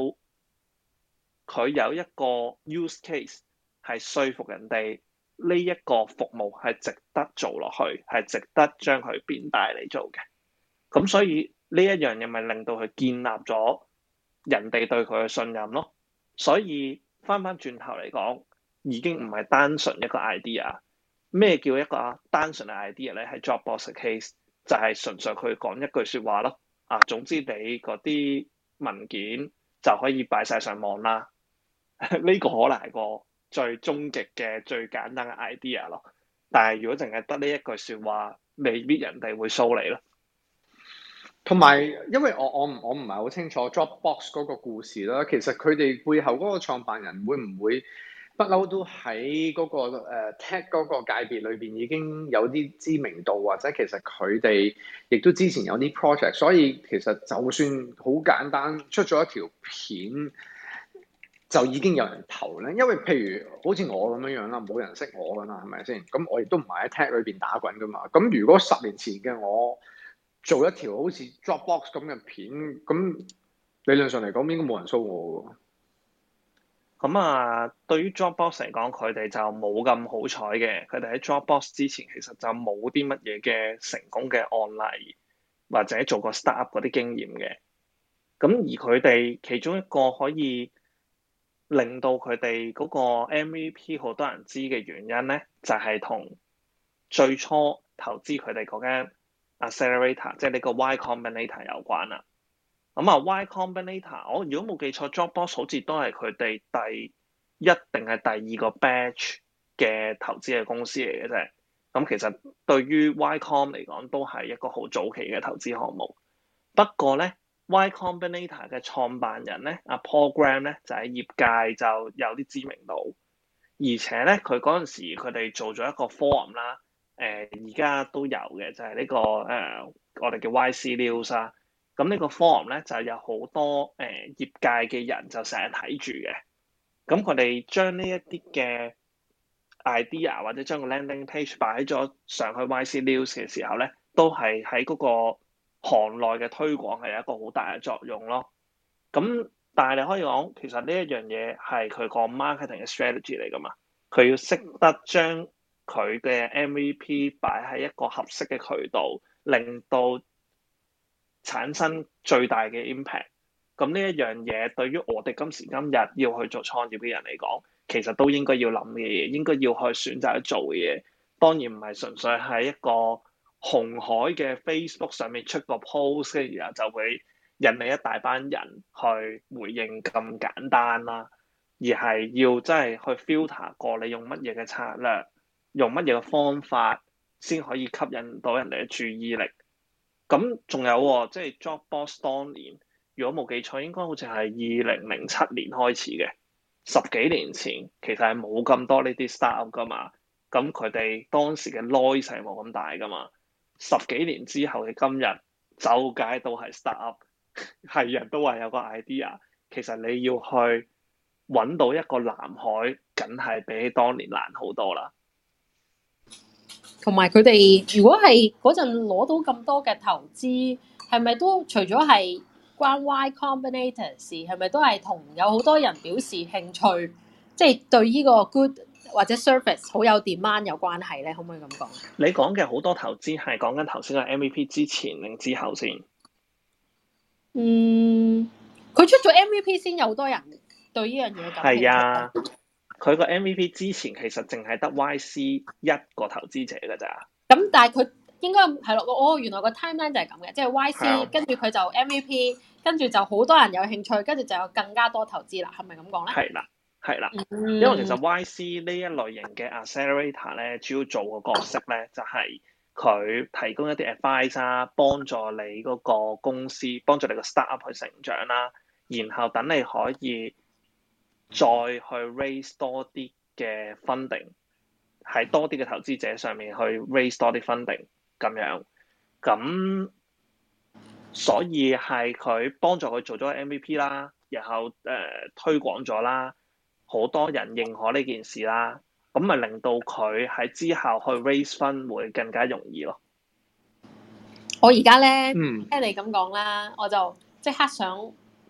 Speaker 1: 佢有一個 use case 係說服人哋呢一個服務係值得做落去，係值得將佢變大嚟做嘅。咁所以呢一樣嘢咪令到佢建立咗人哋對佢嘅信任咯。所以翻翻轉頭嚟講，已經唔係單純一個 idea，咩叫一個單純嘅 idea 咧？係 Dropbox case 就係純粹佢講一句説話咯。啊，總之你嗰啲文件就可以擺晒上網啦。呢個可能係個最終極嘅最簡單
Speaker 2: 嘅 idea 咯。但係如果淨係得呢一句説話，未必人哋會掃你咯。同埋，因為我我我唔係好清楚 Dropbox 嗰個故事啦。其實佢哋背後嗰個創辦人會唔會？不嬲都喺嗰個誒 Tech 嗰個界別裏邊已經有啲知名度，或者其實佢哋亦都之前有啲 project，所以其實就算好簡單出咗一條片，就已經有人投咧。因為譬如好似我咁樣樣啦，冇人識我噶啦，係咪先？咁我亦都唔係喺 Tech 裏邊打滾噶嘛。咁如果十年前嘅我做一條好似 Dropbox 咁嘅片，咁理論上嚟講應該冇人騷我
Speaker 1: 㗎。咁啊，對於 Dropbox 嚟講，佢哋就冇咁好彩嘅。佢哋喺 Dropbox 之前，其實就冇啲乜嘢嘅成功嘅案例，或者做過 startup 嗰啲經驗嘅。咁而佢哋其中一個可以令到佢哋嗰個 MVP 好多人知嘅原因咧，就係同最初投資佢哋嗰間 accelerator，即係呢個 Y Combinator 有關啦。咁啊，Y Combinator，我如果冇記錯，Dropbox 好似都係佢哋第一定係第二個 batch 嘅投資嘅公司嚟嘅啫。咁其實對於 Y Com 嚟講，都係一個好早期嘅投資項目。不過咧，Y Combinator 嘅創辦人咧，阿 Paul Graham 咧，就喺業界就有啲知名度。而且咧，佢嗰陣時佢哋做咗一個 forum 啦，誒，而家都有嘅，就係呢個誒，我哋叫 Y C News 啊。咁、um、呢個 forum 咧就有好多誒、呃、業界嘅人就成日睇住嘅，咁佢哋將呢一啲嘅 idea 或者將個 landing page 擺咗上去 YC News 嘅時候咧，都係喺嗰個行內嘅推廣係有一個好大嘅作用咯。咁但係你可以講，其實呢一樣嘢係佢個 marketing 嘅 strategy 嚟噶嘛，佢要識得將佢嘅 MVP 擺喺一個合適嘅渠道，令到產生最大嘅 impact，咁呢一樣嘢對於我哋今時今日要去做創業嘅人嚟講，其實都應該要諗嘅嘢，應該要去選擇去做嘅嘢。當然唔係純粹喺一個紅海嘅 Facebook 上面出個 post，然後就會引嚟一大班人去回應咁簡單啦，而係要真係去 filter 過你用乜嘢嘅策略，用乜嘢嘅方法先可以吸引到人哋嘅注意力。咁仲有，即係 Dropbox 當年，如果冇記錯，應該好似係二零零七年開始嘅，十幾年前其實係冇咁多呢啲 start up 噶嘛。咁佢哋當時嘅 noise 係冇咁大噶嘛。十幾年之後嘅今日，周街都係 start up，係人都話有個 idea，其實你要去揾到一個藍海，梗係比起當年難好多啦。
Speaker 4: 同埋佢哋，如果係嗰陣攞到咁多嘅投資，係咪都除咗係關 Y Combinator，係咪都係同有好多人表示興趣，即係對呢個 good 或者 service 好有 demand 有關係咧？可唔可以咁講？
Speaker 1: 你講嘅好多投資係講緊頭先嘅 MVP 之前定之後先？嗯，
Speaker 4: 佢出咗 MVP 先，有好多人對呢樣嘢感興趣的。係啊。
Speaker 1: 佢個 MVP 之前其實淨係得 YC 一個投資者噶咋，
Speaker 4: 咁但係佢應該係咯，哦原來個 timeline 就係咁嘅，即係 YC 跟住佢就 MVP，跟住就好多人有興趣，跟住就有更加多投資啦，係咪咁講咧？係
Speaker 1: 啦、啊，係啦、啊，嗯、因為其實 YC 呢一類型嘅 accelerator 咧，主要做嘅角色咧就係、是、佢提供一啲 advice 啦、啊，幫助你嗰個公司幫助你個 startup 去成長啦、啊，然後等你可以。再去 raise 多啲嘅 funding，喺多啲嘅投資者上面去 raise 多啲 funding 咁樣，咁所以係佢幫助佢做咗個 MVP 啦，然後誒、呃、推廣咗啦，好多人認可呢件事啦，咁咪令到佢喺之後去 raise fund 會更加容易咯。
Speaker 4: 我而家咧，聽你咁講啦，嗯、我就即刻想。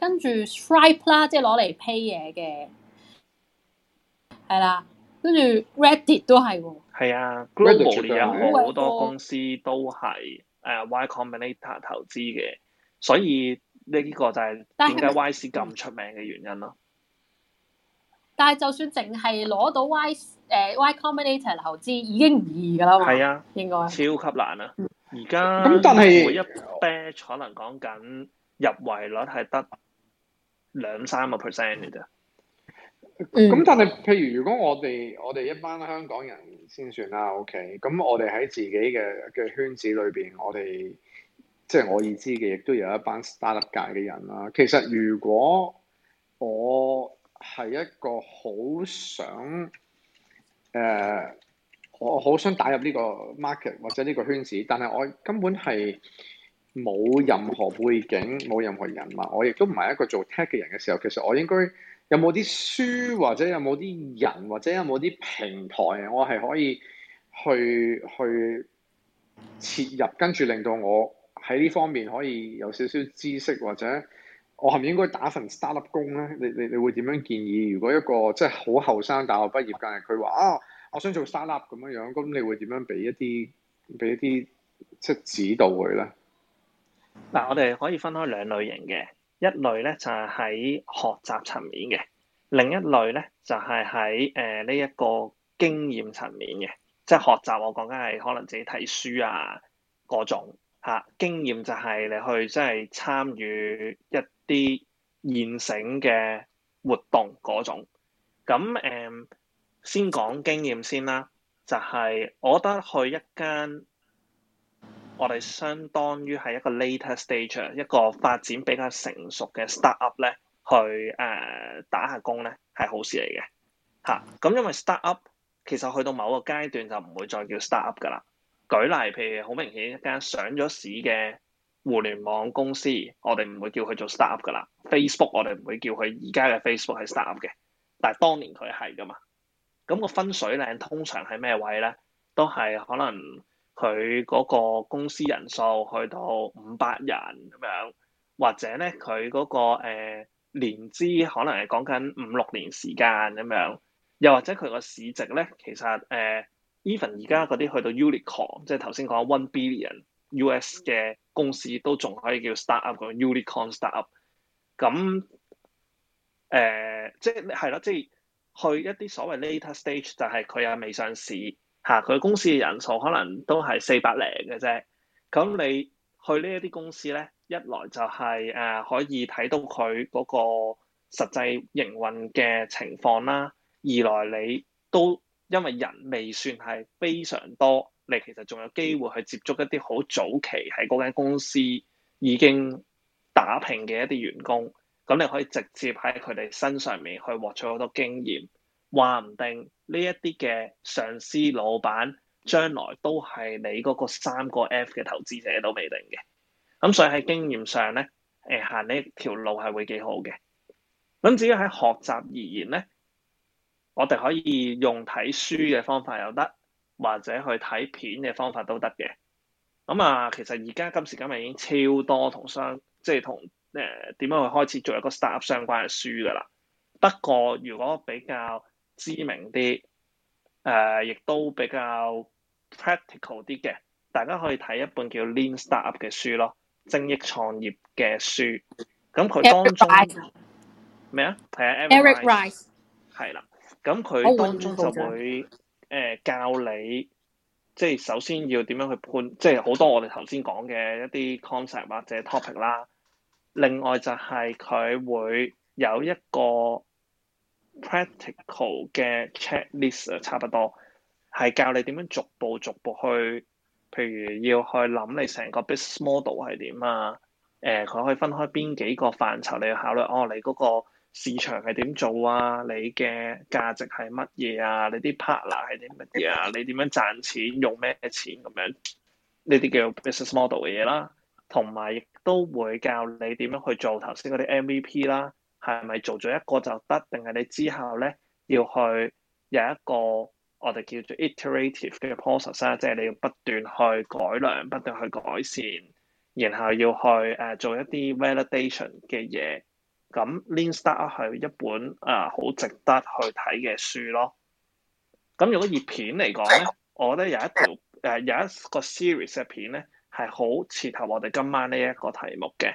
Speaker 4: 跟住 Stripe 啦，即係攞嚟 pay 嘢嘅，係啦，跟住 Reddit 都係喎。
Speaker 1: 係啊，Global 有好多公司都係誒 Y Combinator 投資嘅，所以呢啲個就係點解 YC 咁出名嘅原因咯、嗯。
Speaker 4: 但係就算淨係攞到 YC 誒 Y Combinator 投資已經唔易噶啦
Speaker 1: 嘛。係啊的，應該。超級難啊！而家咁，但係每一 batch 可能講緊入圍率係得。兩三個 percent 嘅啫，
Speaker 2: 咁、嗯、但係，譬如如果我哋我哋一班香港人先算啦，OK，咁我哋喺自己嘅嘅圈子裏邊，我哋即係我已知嘅，亦都有一班 startup 界嘅人啦。其實如果我係一個好想，誒、呃，我好想打入呢個 market 或者呢個圈子，但係我根本係，冇任何背景，冇任何人脈，我亦都唔係一個做 tech 嘅人嘅時候，其實我應該有冇啲書，或者有冇啲人，或者有冇啲平台，我係可以去去切入，跟住令到我喺呢方面可以有少少知識，或者我係咪應該打份 startup 工呢？你你你會點樣建議？如果一個即係好後生，大學畢業嘅人，佢話啊，我想做 startup 咁樣樣，咁你會點樣俾一啲俾一啲即係指導佢呢？嗱，我哋可以分
Speaker 1: 開兩類型嘅，一類咧就係喺學習層面嘅，另一類咧就係喺誒呢一個經驗層面嘅，即係學習我講緊係可能自己睇書啊嗰種吓，經驗就係你去即係參與一啲現成嘅活動嗰種，咁誒先講經驗先啦，就係我覺得去一間。我哋相當於係一個 later stage，一個發展比較成熟嘅 startup 咧，去、呃、打下工咧係好事嚟嘅，咁、啊、因為 startup 其實去到某個階段就唔會再叫 startup 噶啦。舉例，譬如好明顯一間上咗市嘅互聯網公司，我哋唔會叫佢做 startup 噶啦。Facebook 我哋唔會叫佢而家嘅 Facebook 係 startup 嘅，但係當年佢係噶嘛。咁、個分水嶺通常喺咩位咧？都係可能。佢嗰個公司人數去到五百人咁樣，或者咧佢嗰個、呃、年資可能係講緊五六年時間咁樣，又或者佢個市值咧，其實誒 even 而家嗰啲去到 unicorn，即係頭先講 one billion US 嘅公司都仲可以叫 startup，個 unicorn startup。咁誒即係係囉，即係去一啲所謂 later stage，但係佢又未上市。嚇，佢公司嘅人數可能都係四百零嘅啫，咁你去呢一啲公司咧，一來就係誒可以睇到佢嗰個實際營運嘅情況啦；二來你都因為人未算係非常多，你其實仲有機會去接觸一啲好早期喺嗰間公司已經打拼嘅一啲員工，咁你可以直接喺佢哋身上面去獲取好多經驗，話唔定。呢一啲嘅上司、老闆，將來都係你嗰個三個 F 嘅投資者都未定嘅。咁所以喺經驗上咧，誒行呢條路係會幾好嘅。咁至於喺學習而言咧，我哋可以用睇書嘅方法又得，或者去睇片嘅方法都得嘅。咁啊，其實而家今時今日已經超多同相，即係同誒點樣去開始做一個 startup 相關嘅書㗎喇。不過如果比較知名啲，誒、呃，亦都比較 practical 啲嘅，大家可以睇一本叫 Lean Startup 嘅書咯，精益創業嘅書。咁佢當中咩啊？睇下 Eric Rice 係啦。咁佢當中就會誒、呃、教你，即係首先要點樣去判，即係好多我哋頭先講嘅一啲 concept 或者 topic 啦。另外就係佢會有一個 Practical 嘅 checklist 啊，check list，差不多係教你點樣逐步逐步去，譬如要去諗你成個 business model 係點啊，誒、呃、佢可以分開邊幾個範疇你要考慮，哦，你嗰個市場係點做啊，你嘅價值係乜嘢啊，你啲 partner 係啲乜嘢啊，你點樣賺錢用咩錢咁樣，呢啲叫 business model 嘅嘢啦，同埋亦都會教你點樣去做頭先嗰啲 MVP 啦。係咪做咗一個就得？定係你之後咧要去有一個我哋叫做 iterative 嘅 process 即係你要不斷去改良、不斷去改善，然後要去、啊、做一啲 validation 嘅嘢。咁 Lean Startup 係一本啊好值得去睇嘅書咯。咁用啲葉片嚟講咧，我覺得有一條、啊、有一個 series 嘅片咧係好切合我哋今晚呢一個題目嘅。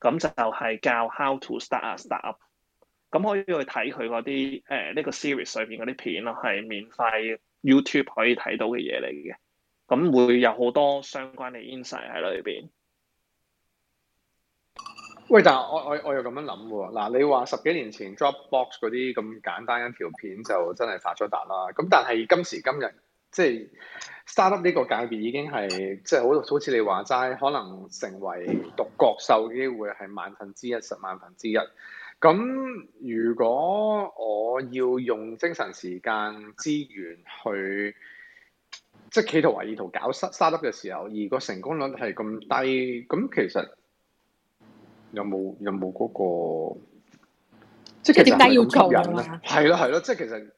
Speaker 1: 咁就係教 How to Start a Startup 咁可以去睇佢嗰啲誒、呢個 series 上面嗰啲片咯，係免費 YouTube 可以睇到嘅嘢嚟嘅。
Speaker 2: 咁會有好多相關嘅 insight 喺裏邊。喂，但係我我我又咁樣諗喎，嗱，你話十幾年前 Dropbox 嗰啲咁簡單的一條片就真係發咗達啦，咁但係今時今日。即係 startup 呢個界別已經係即係好好似你話齋，可能成為獨角獸嘅機會係萬分之一、十萬分之一。咁如果我要用精神時間資源去即係、就是、企圖或意圖搞 startup 嘅時候，而個成功率係咁低，咁其實有冇有冇嗰、那個
Speaker 4: 即係點解要做啊？係咯係咯，即係、就
Speaker 2: 是、其實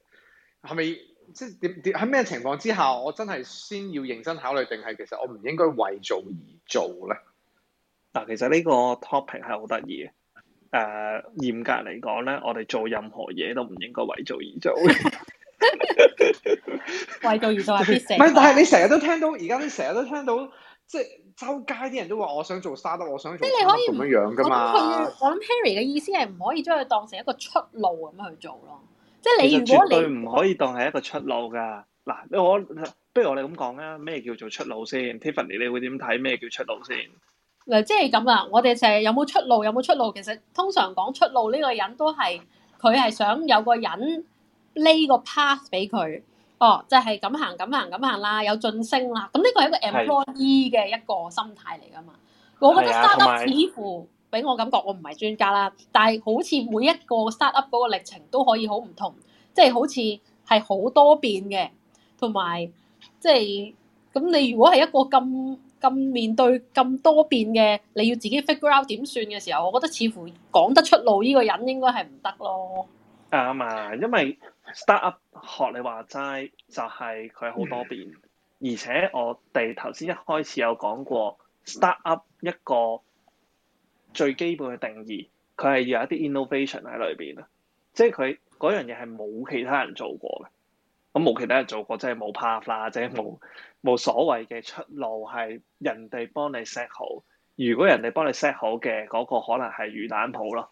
Speaker 2: 係咪？即係點點喺咩情況之下，我真係先要認真考慮，定係其實我唔應該為做而做咧？嗱，其實這個很
Speaker 1: 有趣、呃、呢個 topic 係好得意嘅。誒，嚴格嚟講咧，我哋做任何嘢都唔
Speaker 2: 應該為，為做而做。
Speaker 4: 為做而做係咪？但係你成
Speaker 2: 日都聽到，而家你成日都聽到，即係周街啲人都話，我想做 startup，我想做即你可以咁樣樣噶嘛？
Speaker 4: 我諗 Harry 嘅意思係唔可以將佢當成一個出路咁樣去做咯。即係你如果，其實絕對唔
Speaker 1: 可以當係一個出路噶。嗱，我不如我哋咁講啦，咩叫做出路先？Tiffany，你會點睇咩叫出路先？
Speaker 4: 嗱，即係咁啦，我哋成日有冇出路，有冇出路？其實通常講出路呢、這個人都係佢係想有個人呢個 path 俾佢，哦，就係、是、咁行、咁行、咁行啦，有晉升啦。咁、嗯、呢、這個係一個 employee 嘅的一個心態嚟噶嘛？我覺得沙粒 Start up 有似乎……俾我感覺我唔係專家啦，但係好似每一個 startup 嗰個歷程都可以好唔同，即係好似係好多變嘅，同埋即係咁你如果係一個咁咁面對咁多變嘅，你要自己 figure out 點算嘅時候，我覺得似乎講得出路呢個人應該係唔得咯。
Speaker 1: 啱啊，因為 startup 學你話齋就係佢好多變，嗯、而且我哋頭先一開始有講過 startup 一個最基本嘅定義，佢係有一啲 innovation 喺裏邊啊，即係佢嗰樣嘢係冇其他人做過嘅，咁冇其他人做過，即係冇 path 啦，即係冇冇所謂嘅出路，係人哋幫你 set 好。如果人哋幫你 set 好嘅，嗰、嗰個可能係魚蛋鋪咯，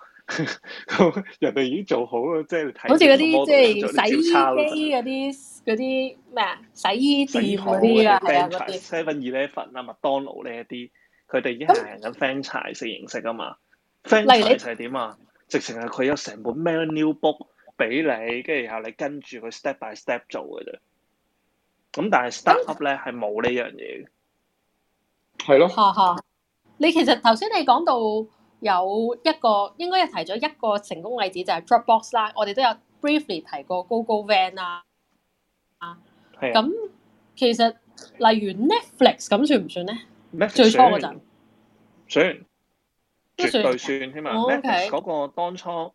Speaker 1: 人哋已經做好啦，即係好似嗰啲即係洗衣機
Speaker 4: 嗰啲嗰啲咩啊，洗衣店嗰啲啊
Speaker 1: ，Seven Eleven 啊，麥當勞呢一啲。佢哋已經行緊 franchise 形式啊嘛
Speaker 3: ，franchise
Speaker 1: 係點啊？直情係佢有成本 manual book 俾你，跟住然後你跟住佢 step by step 做嘅啫。咁但係 startup 咧係冇呢樣嘢嘅，係咯、嗯。哈哈的
Speaker 4: 你其實頭先你講到有一個應該有提咗一個成功例子就係、是、Dropbox 啦，我哋都有 briefly 提過 Go Go Van 啊，啊的，咁其實例如 Netflix 咁算唔算咧？最初嗰陣，算絕對
Speaker 1: 算添好嘛。Max okay 嗰個當初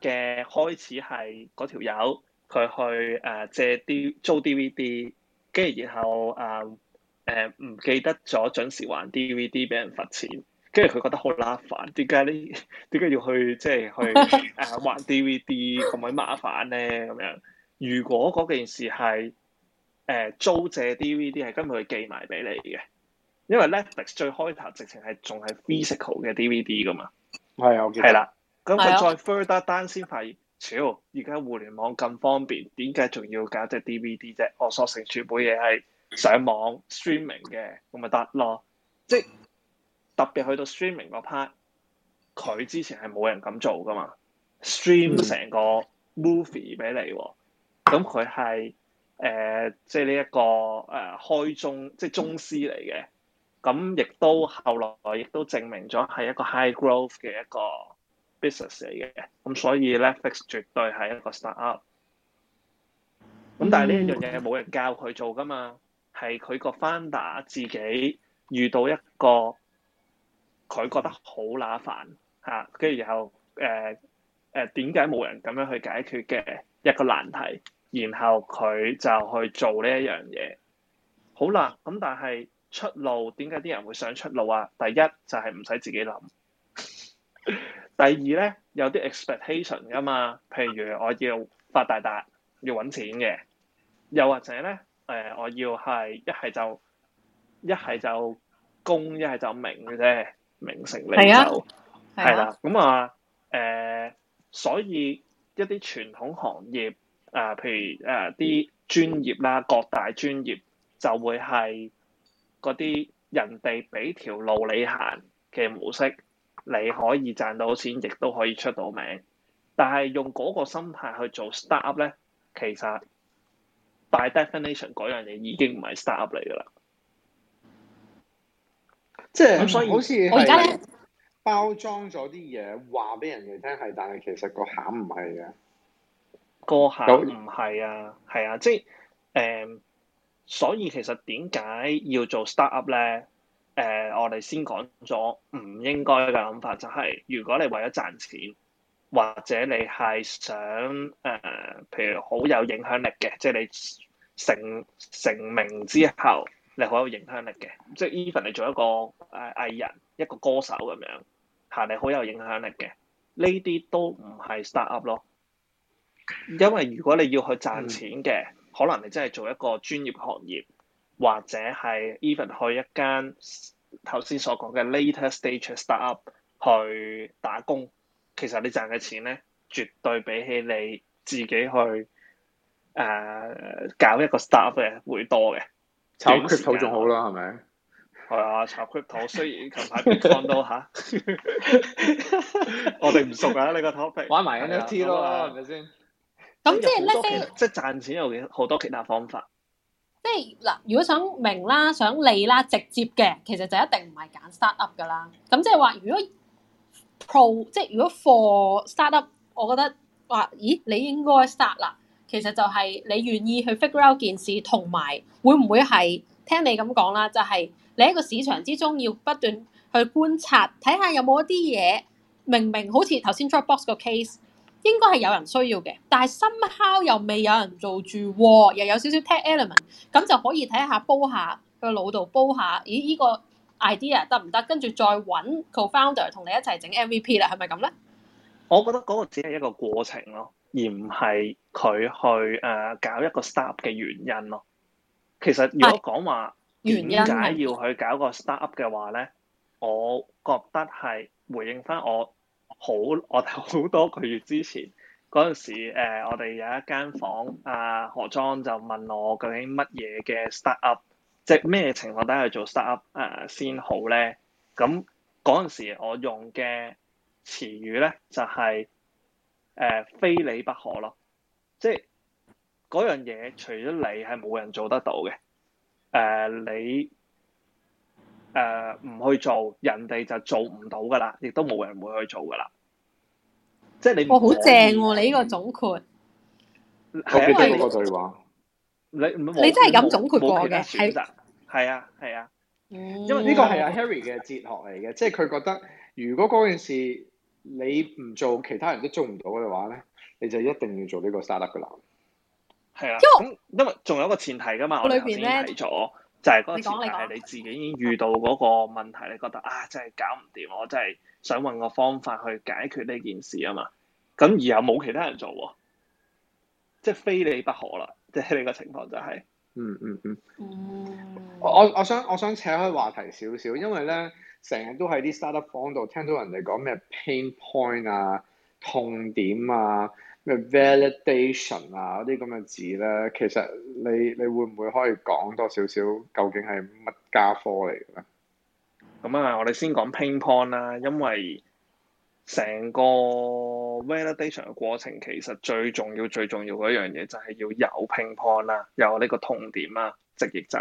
Speaker 1: 嘅開始係嗰條友佢去誒、呃、借啲租 DVD，跟住然後誒誒唔記得咗準時還 DVD，俾人罰錢。跟住佢覺得好撚煩，點解呢？點解要去即係、就是、去誒、呃、還 DVD 咁鬼麻煩呢？咁樣如果嗰件事係誒、呃、租借 DVD 係根本佢寄埋俾你嘅。因為 Netflix 最開頭直情係仲係 physical 嘅 DVD 噶嘛，係啊，我見係啦。咁佢 再 further down，先發現，超而家互聯網咁方便，點解仲要搞隻 DVD 啫？我索性全部嘢係上網 streaming 嘅，咁咪得咯。即係特別去到 streaming 個 part，佢之前係冇人咁做噶嘛，stream 成個 movie 俾你喎。咁佢係誒即係呢一個誒、呃、開宗即係宗師嚟嘅。咁亦都後來亦都證明咗係一個 high growth 嘅一個 business 嚟嘅，咁所以咧 f l x 絕對係一個 startup。
Speaker 3: 咁但係呢一樣嘢
Speaker 1: 冇人教佢做噶嘛，係佢個翻打自己遇到一個佢覺得好乸煩嚇，跟住又誒點解冇人咁樣去解決嘅一個難題，然後佢就去做呢一樣嘢。好啦，咁但係。出路，點解啲人會想出路啊？第一就係唔使自己諗，第二咧有啲 expectation 噶嘛。譬如我要發大達，要揾錢嘅，又或者咧誒、呃，我要係一係就一係就公，一係就名嘅啫，名成利就係啦。咁啊誒、啊啊呃，所以一啲傳統行業啊、呃，譬如誒啲、呃、專業啦，各大專業就會係。嗰啲人哋俾條路你行嘅模式，你可以賺到錢，亦都可以出到名。但係用嗰個心態去做 start up 咧，其實 by definition 嗰樣嘢已經唔係 start up 嚟噶啦。
Speaker 3: 即
Speaker 1: 係是好似我而家咧
Speaker 2: 包裝咗啲嘢，話俾人哋聽係，但係其實個餡唔係嘅。
Speaker 1: 個餡唔
Speaker 2: 係啊，係好啊，即係誒。嗯所以其實
Speaker 1: 點解要做 start-up 咧？呃，我哋先講咗唔應該嘅諗法，就係如果你為咗賺錢，或者你係想、呃、譬如好有影響力嘅，即係你成成名之後，你好有影響力嘅，即係 even 你做一個誒藝人、一個歌手咁樣，嚇你好有影響力嘅，呢啲都唔係 start-up 咯。因為如果你要去賺錢嘅，嗯可能你真係做一個專業行業，或者係 even 去一間頭先所講嘅 later stage start up 去打工，其實你賺嘅錢咧，絕對比起你自己去誒、呃、搞一個 start up 嘅會多嘅。炒 crypto 仲好啦，係咪？係啊，炒 crypto 雖然近排被講到嚇，我哋唔熟啊，你個 topic 玩埋 NFT 咯，係咪
Speaker 2: 先？
Speaker 4: 咁即係咧，即
Speaker 1: 係非賺錢有幾好多其他方法。
Speaker 4: 即係嗱，如果想明啦，想利啦，直接嘅，其實就一定唔係揀 startup 噶啦。咁即係話，如果 pro 即係如果 for startup，我覺得話，咦，你應該 start 啦。其實就係你願意去 figure out 件事，同埋會唔會係聽你咁講啦？就係、是、你喺個市場之中要不斷去觀察，睇下有冇一啲嘢，明明好似頭先 Dropbox 個 case。應該係有人需要嘅，但係 somehow 又未有人做住喎，又有少少 tech element，咁就可以睇下煲下個腦度煲下，咦呢、這個 idea 得唔得？Co 跟住再揾 co-founder 同你一齊整 MVP 啦，係咪咁咧？
Speaker 1: 我覺得嗰個只係一個過程咯，而唔係佢去誒、呃、搞一個 startup 嘅原因咯。其實如果講話原因，解要去搞個 startup 嘅話咧，我覺得係回應翻我。好，我好多個月之前嗰陣時，呃、我哋有一間房，阿、啊、何莊就問我究竟乜嘢嘅 start up，即係咩情況底下去做 start up 誒、呃、先好咧？咁嗰陣時我用嘅詞語咧就係、是、誒、呃、非你不可咯，即係嗰樣嘢除咗你係冇人做得到嘅，誒、呃、你。誒，唔、呃、去做，人哋就做唔到噶啦，亦都冇人會去做噶啦。即係你，好正
Speaker 4: 喎、啊！你呢個總括
Speaker 2: 你嗰、啊、個句話，你你，你真係咁總括過嘅，係啊係，啊，因為呢個係阿 Harry 嘅哲學嚟嘅，即係佢覺得如果嗰件事你唔做，其他人都做唔到嘅話咧，你就一定要做呢個 startup 噶啦。係啊，因為因為仲有一個前提噶嘛，裡我兩邊睇咗。
Speaker 1: 就係嗰個前提係你，你，你自己已經遇到嗰個問題，嗯、你覺得啊真係搞唔掂，我真係想揾個方法去解決呢件事啊嘛。咁而又冇其他人做喎，
Speaker 2: 即係非你不可啦。即係你個情況就係、是嗯，嗯嗯嗯。我我想我想扯開話題少少，因為咧成日都喺啲 startup 房度聽到人哋講咩 pain point 啊、痛點啊。咩 validation 啊嗰啲咁嘅字咧，其實你你會唔會可以講多少少究竟係乜家科嚟嘅咧？咁啊，我哋先講 pain point 啦，因
Speaker 1: 為成個 validation 嘅過程其實最重要最重要嘅一樣嘢就係要有 pain point 啦，有呢個痛點啦，即係亦就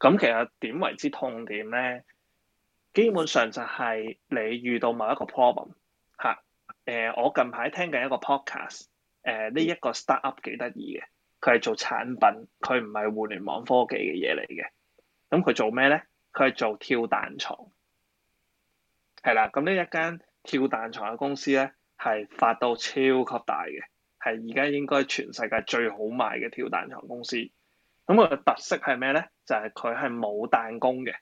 Speaker 1: 咁。其實點為之痛點咧？基本上就係你遇到某一個 problem。誒、呃，我近排聽緊一個 podcast，誒、呃，呢、這、一個 start up 幾得意嘅，佢係做產品，佢唔係互聯網科技嘅嘢嚟嘅。咁佢做咩咧？佢係做跳彈床。係啦。咁呢一間跳彈床嘅公司咧，係發到超級大嘅，係而家應該全世界最好賣嘅跳彈床公司。咁佢嘅特色係咩咧？就係佢
Speaker 2: 係冇彈弓嘅，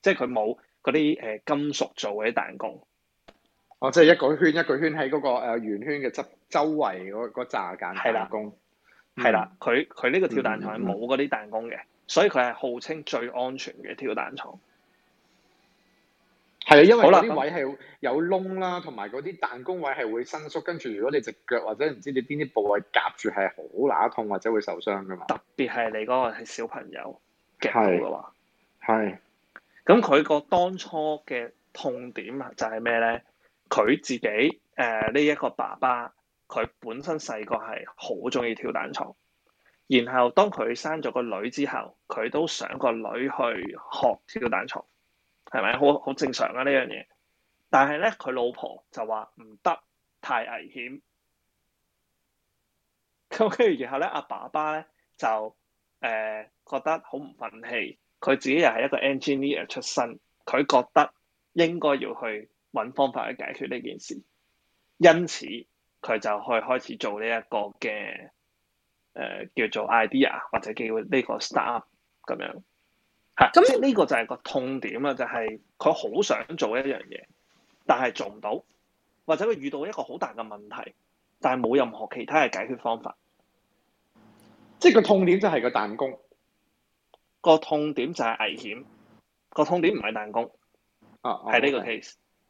Speaker 2: 即係佢冇嗰啲誒金屬做嘅彈弓。哦，即係一個圈一個圈喺嗰、那個誒圓、呃、圈嘅周周圍嗰嗰扎揀彈弓，係啦的。佢佢呢個跳彈牀係冇嗰啲彈弓嘅，嗯嗯、所以佢係號稱最安全嘅跳彈牀。係啊，因為嗰啲位係有窿啦，同埋嗰啲彈弓位係會伸縮。跟住如果你隻腳或者唔知你邊啲部位夾住，係好乸痛或者會受傷噶嘛。特別係你嗰個係小朋友嘅話，係
Speaker 1: 咁佢個當初嘅痛點就係咩咧？佢自己誒呢一個爸爸，佢本身細個係好中意跳彈牀。然後當佢生咗個女之後，佢都想個女去學跳彈牀，係咪好好正常啊呢樣嘢？但係咧，佢老婆就話唔得，太危險。咁跟住然後咧，阿爸爸咧就誒、呃、覺得好唔忿氣，佢自己又係一個 engineer 出身，佢覺得應該要去搵方法去解決呢件事，因此佢就去開始做呢一個嘅誒、呃、叫做 idea 或者叫呢個 start up 咁樣吓。咁、嗯、即呢個就係個痛點啦，就係佢好想做一樣嘢，但係做唔到，或者佢遇到一個好大嘅問題，但係冇任何其他嘅解決方法。即係個痛點就係個彈弓，個痛點就係危險，個痛點唔係彈弓啊，係呢個 case。啊 okay.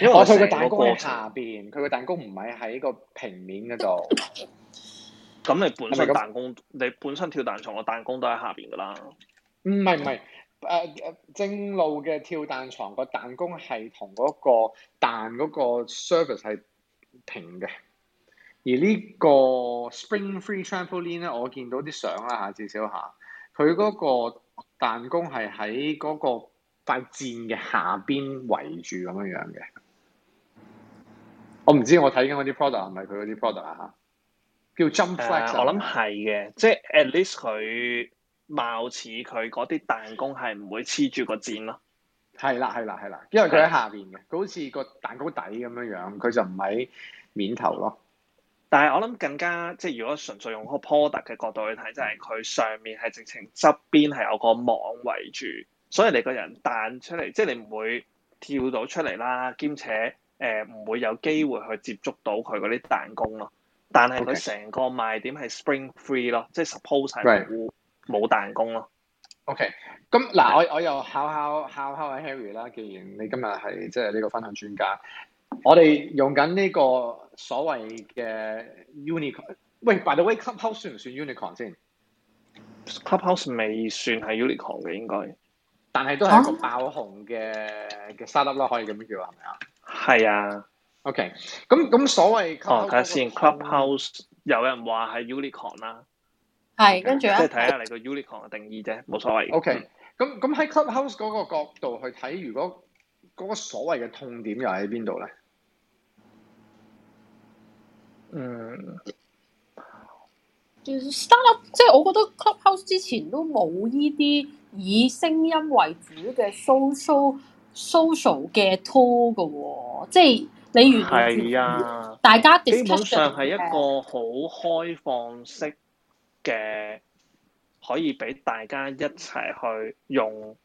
Speaker 1: 因為佢個、啊、彈弓喺下
Speaker 2: 邊，佢個彈弓唔係喺個平面嗰度。
Speaker 1: 咁 你本身彈弓，是是你本身跳彈床個彈弓都喺下邊噶啦。唔
Speaker 2: 係唔係，誒誒、呃，正路嘅跳彈床彈個彈弓係同嗰個彈嗰個 surface 係平嘅。而個呢個 Springfree Trampoline 咧，我見到啲相啦嚇，至少嚇，佢嗰個彈弓係喺嗰個塊墊嘅下邊圍住咁樣樣嘅。我唔知我睇緊嗰啲 product 係咪佢嗰啲 product 啊嚇，叫 Jump Flex、uh, 是是。我諗係
Speaker 1: 嘅，即係 at least 佢貌似佢嗰啲彈弓係唔會黐住個箭咯。
Speaker 2: 係啦，係啦，係啦，因為佢喺下邊嘅，佢好似個蛋糕底咁樣樣，佢就唔喺面頭咯。但係我諗更加即係如果純粹
Speaker 1: 用嗰個 product 嘅角度去睇，就係、是、佢上面係直情側邊係有個網圍住，所以你個人彈出嚟，即係你唔會跳到出嚟啦，兼且。誒唔、呃、會有機會去接觸到佢嗰啲彈弓咯，但係佢成個賣點係
Speaker 2: spring free 咯，Okay. 即係 suppose 係冇冇彈弓咯。OK，咁嗱，我我又考考考考下 Harry 啦。既然你今日係即係呢個分享專家，我哋用緊呢個所謂嘅 unicorn、嗯、喂，by the way，Clubhouse 算唔算 unicorn 先
Speaker 1: ？Clubhouse 未算係 unicorn 嘅應該，
Speaker 2: 但係都係一個爆紅嘅嘅 startup 咯，可以咁樣叫，係咪啊？係啊，OK，咁咁所謂
Speaker 1: 哦，睇下先。Clubhouse 有人話係 unicorn 啦是，係
Speaker 4: Okay, 跟住咧，即係睇下
Speaker 1: 你個 unicorn 嘅定義啫，冇所謂。OK，
Speaker 4: 咁
Speaker 2: 咁喺、嗯、Clubhouse 嗰個角度去睇，如果嗰個所謂嘅痛點又喺邊度咧？
Speaker 3: 嗯
Speaker 4: ，StarUp t 即係我覺得 Clubhouse 之前都冇依啲以聲音為主嘅 s o s o social 嘅 tool 嘅喎，即係你如啊，大家基本上係一個
Speaker 1: 好開放式嘅，可以俾大家一齊去用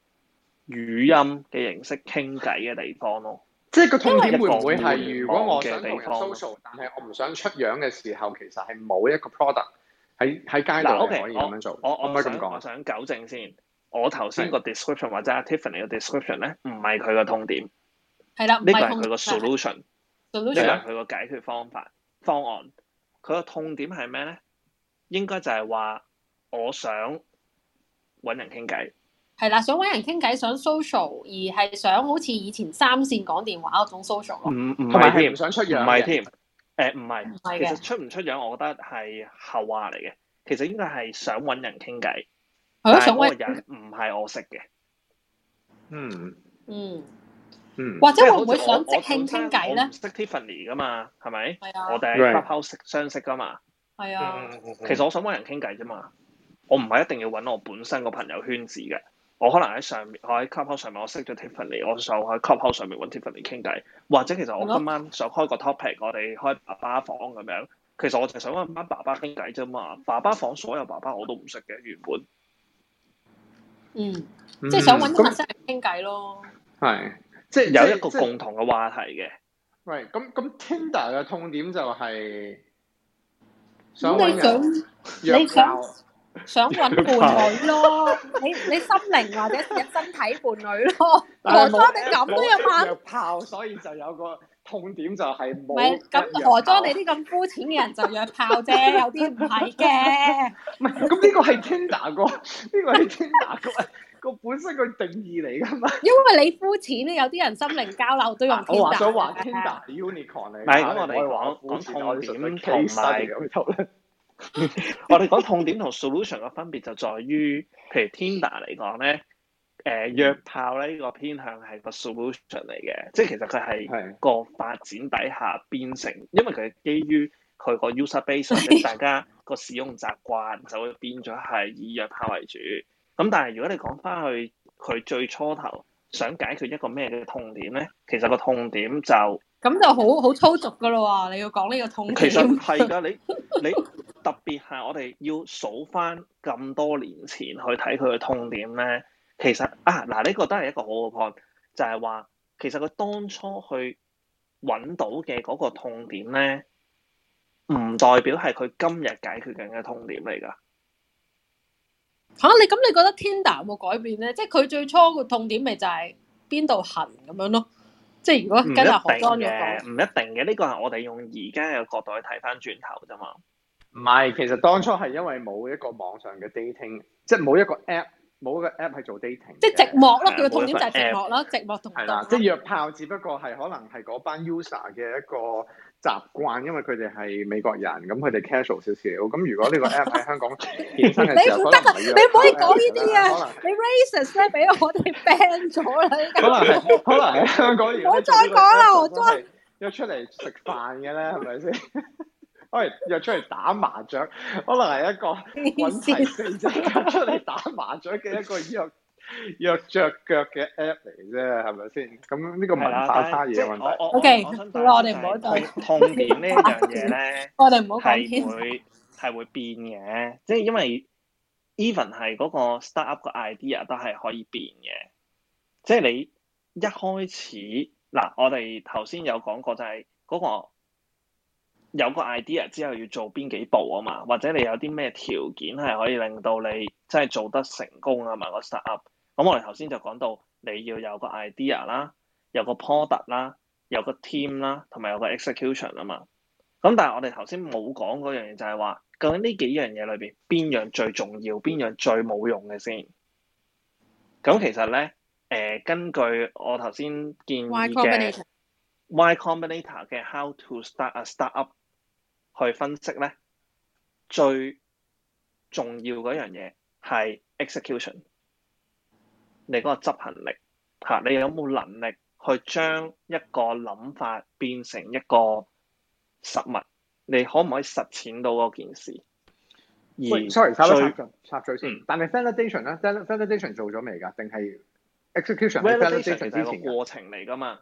Speaker 2: 語音嘅形式傾偈嘅地方咯。
Speaker 4: 即係個痛點會唔會係如果我想同人 social，
Speaker 2: 但係我唔想出樣嘅時候，其實係冇一個 product 喺喺街度可以咁樣做。我我唔可以咁講我，我想糾正先。我頭先個
Speaker 1: description 或者阿 Tiffany 嘅 description 咧，唔係佢個痛點，
Speaker 4: 係啦，呢個係佢個
Speaker 1: solution，solution 係佢個解決方法方案。佢個痛點係咩咧？應該就係話我想揾人傾偈，
Speaker 4: 係啦，想揾人傾偈，想 social，而係想好似以前三線講電話嗰種 social，唔唔
Speaker 1: 同埋佢唔想出樣唔係，唔係添，誒唔係，唔唔其實出唔出樣，我覺得係後話嚟嘅，其實應該係想揾人傾偈。個我想搵人唔係我識嘅、嗯嗯，
Speaker 3: 嗯
Speaker 4: 嗯
Speaker 1: 嗯，或者會唔會想即
Speaker 4: 興傾偈
Speaker 1: 咧？識 Tiffany 噶嘛？係咪？啊、我哋喺 Clubhouse 相識噶嘛？係啊。
Speaker 3: 其實
Speaker 1: 我想揾人傾偈啫嘛。我唔係一定要揾我本身個朋友圈子嘅。我可能喺上，面，我喺 Clubhouse 上面我識咗 Tiffany，我想喺 Clubhouse 上面揾 Tiffany 傾偈。或者其實我今晚想開個 topic，我哋開爸爸房咁樣。其實我就係想揾班爸爸傾偈啫嘛。爸爸房所有爸爸我都唔識嘅，原本。嗯，即係
Speaker 4: 想搵陌生人傾偈咯，
Speaker 2: 係，即係有一個共同嘅話題嘅。喂，咁咁 Tinder 嘅痛點就係
Speaker 4: 想搵人約炮，想搵伴侶咯，你你心靈或者身體伴侶咯，我我哋咁都要拍約炮，所以就有個。痛
Speaker 2: 點就係冇。唔係咁，何
Speaker 4: 裝你啲咁膚淺嘅人就約炮啫， 有啲唔係嘅。
Speaker 2: 唔係咁，呢個係 Tinder 哥，呢個係 Tinder 哥，個 本身佢定義嚟噶嘛。
Speaker 4: 因為你膚淺咧，有啲人心靈交流都用 t、啊、我想話 Tinder
Speaker 2: unicorn 嚟。唔係，咁是我哋講講痛點同埋。
Speaker 1: 我哋講痛點同 solution 嘅分別就在於，譬如 Tinder 嚟講咧。誒、呃、約炮咧，呢個偏向係個 solution 嚟嘅，即係其實佢係個發展底下變成，的因為佢基於佢個 user base，大家個使用習慣就會變咗係以約炮為主。咁但係如果你講翻去佢最初頭想解決一個咩嘅痛點咧，其實個痛點就
Speaker 4: 咁就好好粗俗噶啦喎！你要講呢個痛點，其實
Speaker 1: 係噶，你你特別係我哋要數翻咁多年前去睇佢嘅痛點咧。其實啊，嗱，呢個都係一個好嘅 point，就係話其實佢當初去揾到嘅嗰個痛點咧，唔代表係佢今日解決緊嘅痛點嚟噶。
Speaker 4: 嚇你咁，你覺得 Tinder 有冇改變咧？即係佢最初嘅痛點咪就係邊度痕咁樣咯。即係如果跟下好多嘢，唔
Speaker 2: 一定嘅。呢個係我哋用而家嘅角度去睇翻轉頭啫嘛。唔係，其實當初係因為冇一個網上嘅 dating，即係冇一個 app。冇個 app 係做 dating，即係寂寞咯。佢個痛點就係寂寞咯，
Speaker 4: 寂寞同。係啦，
Speaker 2: 即係約炮，只不過係可能係嗰班 user 嘅一個習慣，因為佢哋係美國人，咁佢哋 casual 少少。咁如果呢個 app 喺香港誕生嘅時候，可能
Speaker 4: 唔係約炮。你唔得，你唔可以講呢啲啊！你 racist 真係俾我哋 ban 咗啦！可能可能喺
Speaker 2: 香港而家。我再講啦，我
Speaker 4: 再
Speaker 2: 約出嚟食飯嘅咧，係咪先？可能約出嚟打麻雀，可能係一個揾題飛啫，出嚟打麻雀嘅一個約 約雀腳嘅 app 嚟啫，係咪先？咁呢個文化差異嘅問題。O K，
Speaker 4: 就是，我哋唔好再痛點呢樣嘢咧。我
Speaker 2: 哋唔好
Speaker 4: 講天，係會
Speaker 2: 係會變
Speaker 1: 嘅，即係因為 even 係嗰個 startup 個 idea 都係可以變嘅。即係你一開始嗱，我哋頭先有講過，就係嗰、嗰個。有個 idea 之後要做邊幾步啊嘛？或者你有啲咩條件係可以令到你真係做得成功啊嘛？個 start up 咁我哋頭先就講到你要有個 idea 啦，有個 product 啦，有個 team 啦，同埋有個 execution 啊嘛。咁但係我哋頭先冇講嗰樣嘢，就係話究竟呢幾樣嘢裏邊邊樣最重要，邊樣最冇用嘅先？咁其實咧、呃，根據我頭先建議
Speaker 3: 嘅
Speaker 1: ，Y Combinator 嘅 How to Start a Startup。去分析咧，最重要嗰樣嘢係 execution，你嗰個執行力嚇，你有冇能力去將一個諗法變成一個實物？你可唔可以實踐到嗰件事？而 sorry 插一插嘴
Speaker 2: 先，嗯、但係 validation 咧，validation 做咗未㗎？定係 execution 係 validation 係一 val 個過
Speaker 1: 程嚟㗎嘛？啊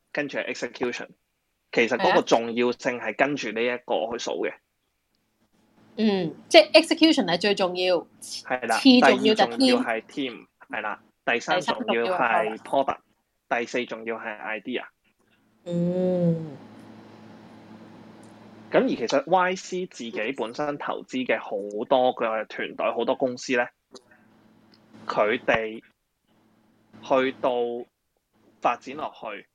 Speaker 1: 跟住係 execution，其實嗰個重要性係跟住呢一個去數嘅。嗯，
Speaker 4: 即係 ex execution 係最重要。係啦的，次第二重要
Speaker 1: 係 team，係啦，第三重要係 product，第四重要係 idea。嗯。咁而其實 YC 自己本身投資嘅好多佢嘅團隊好多公司咧，佢哋去到發展落去。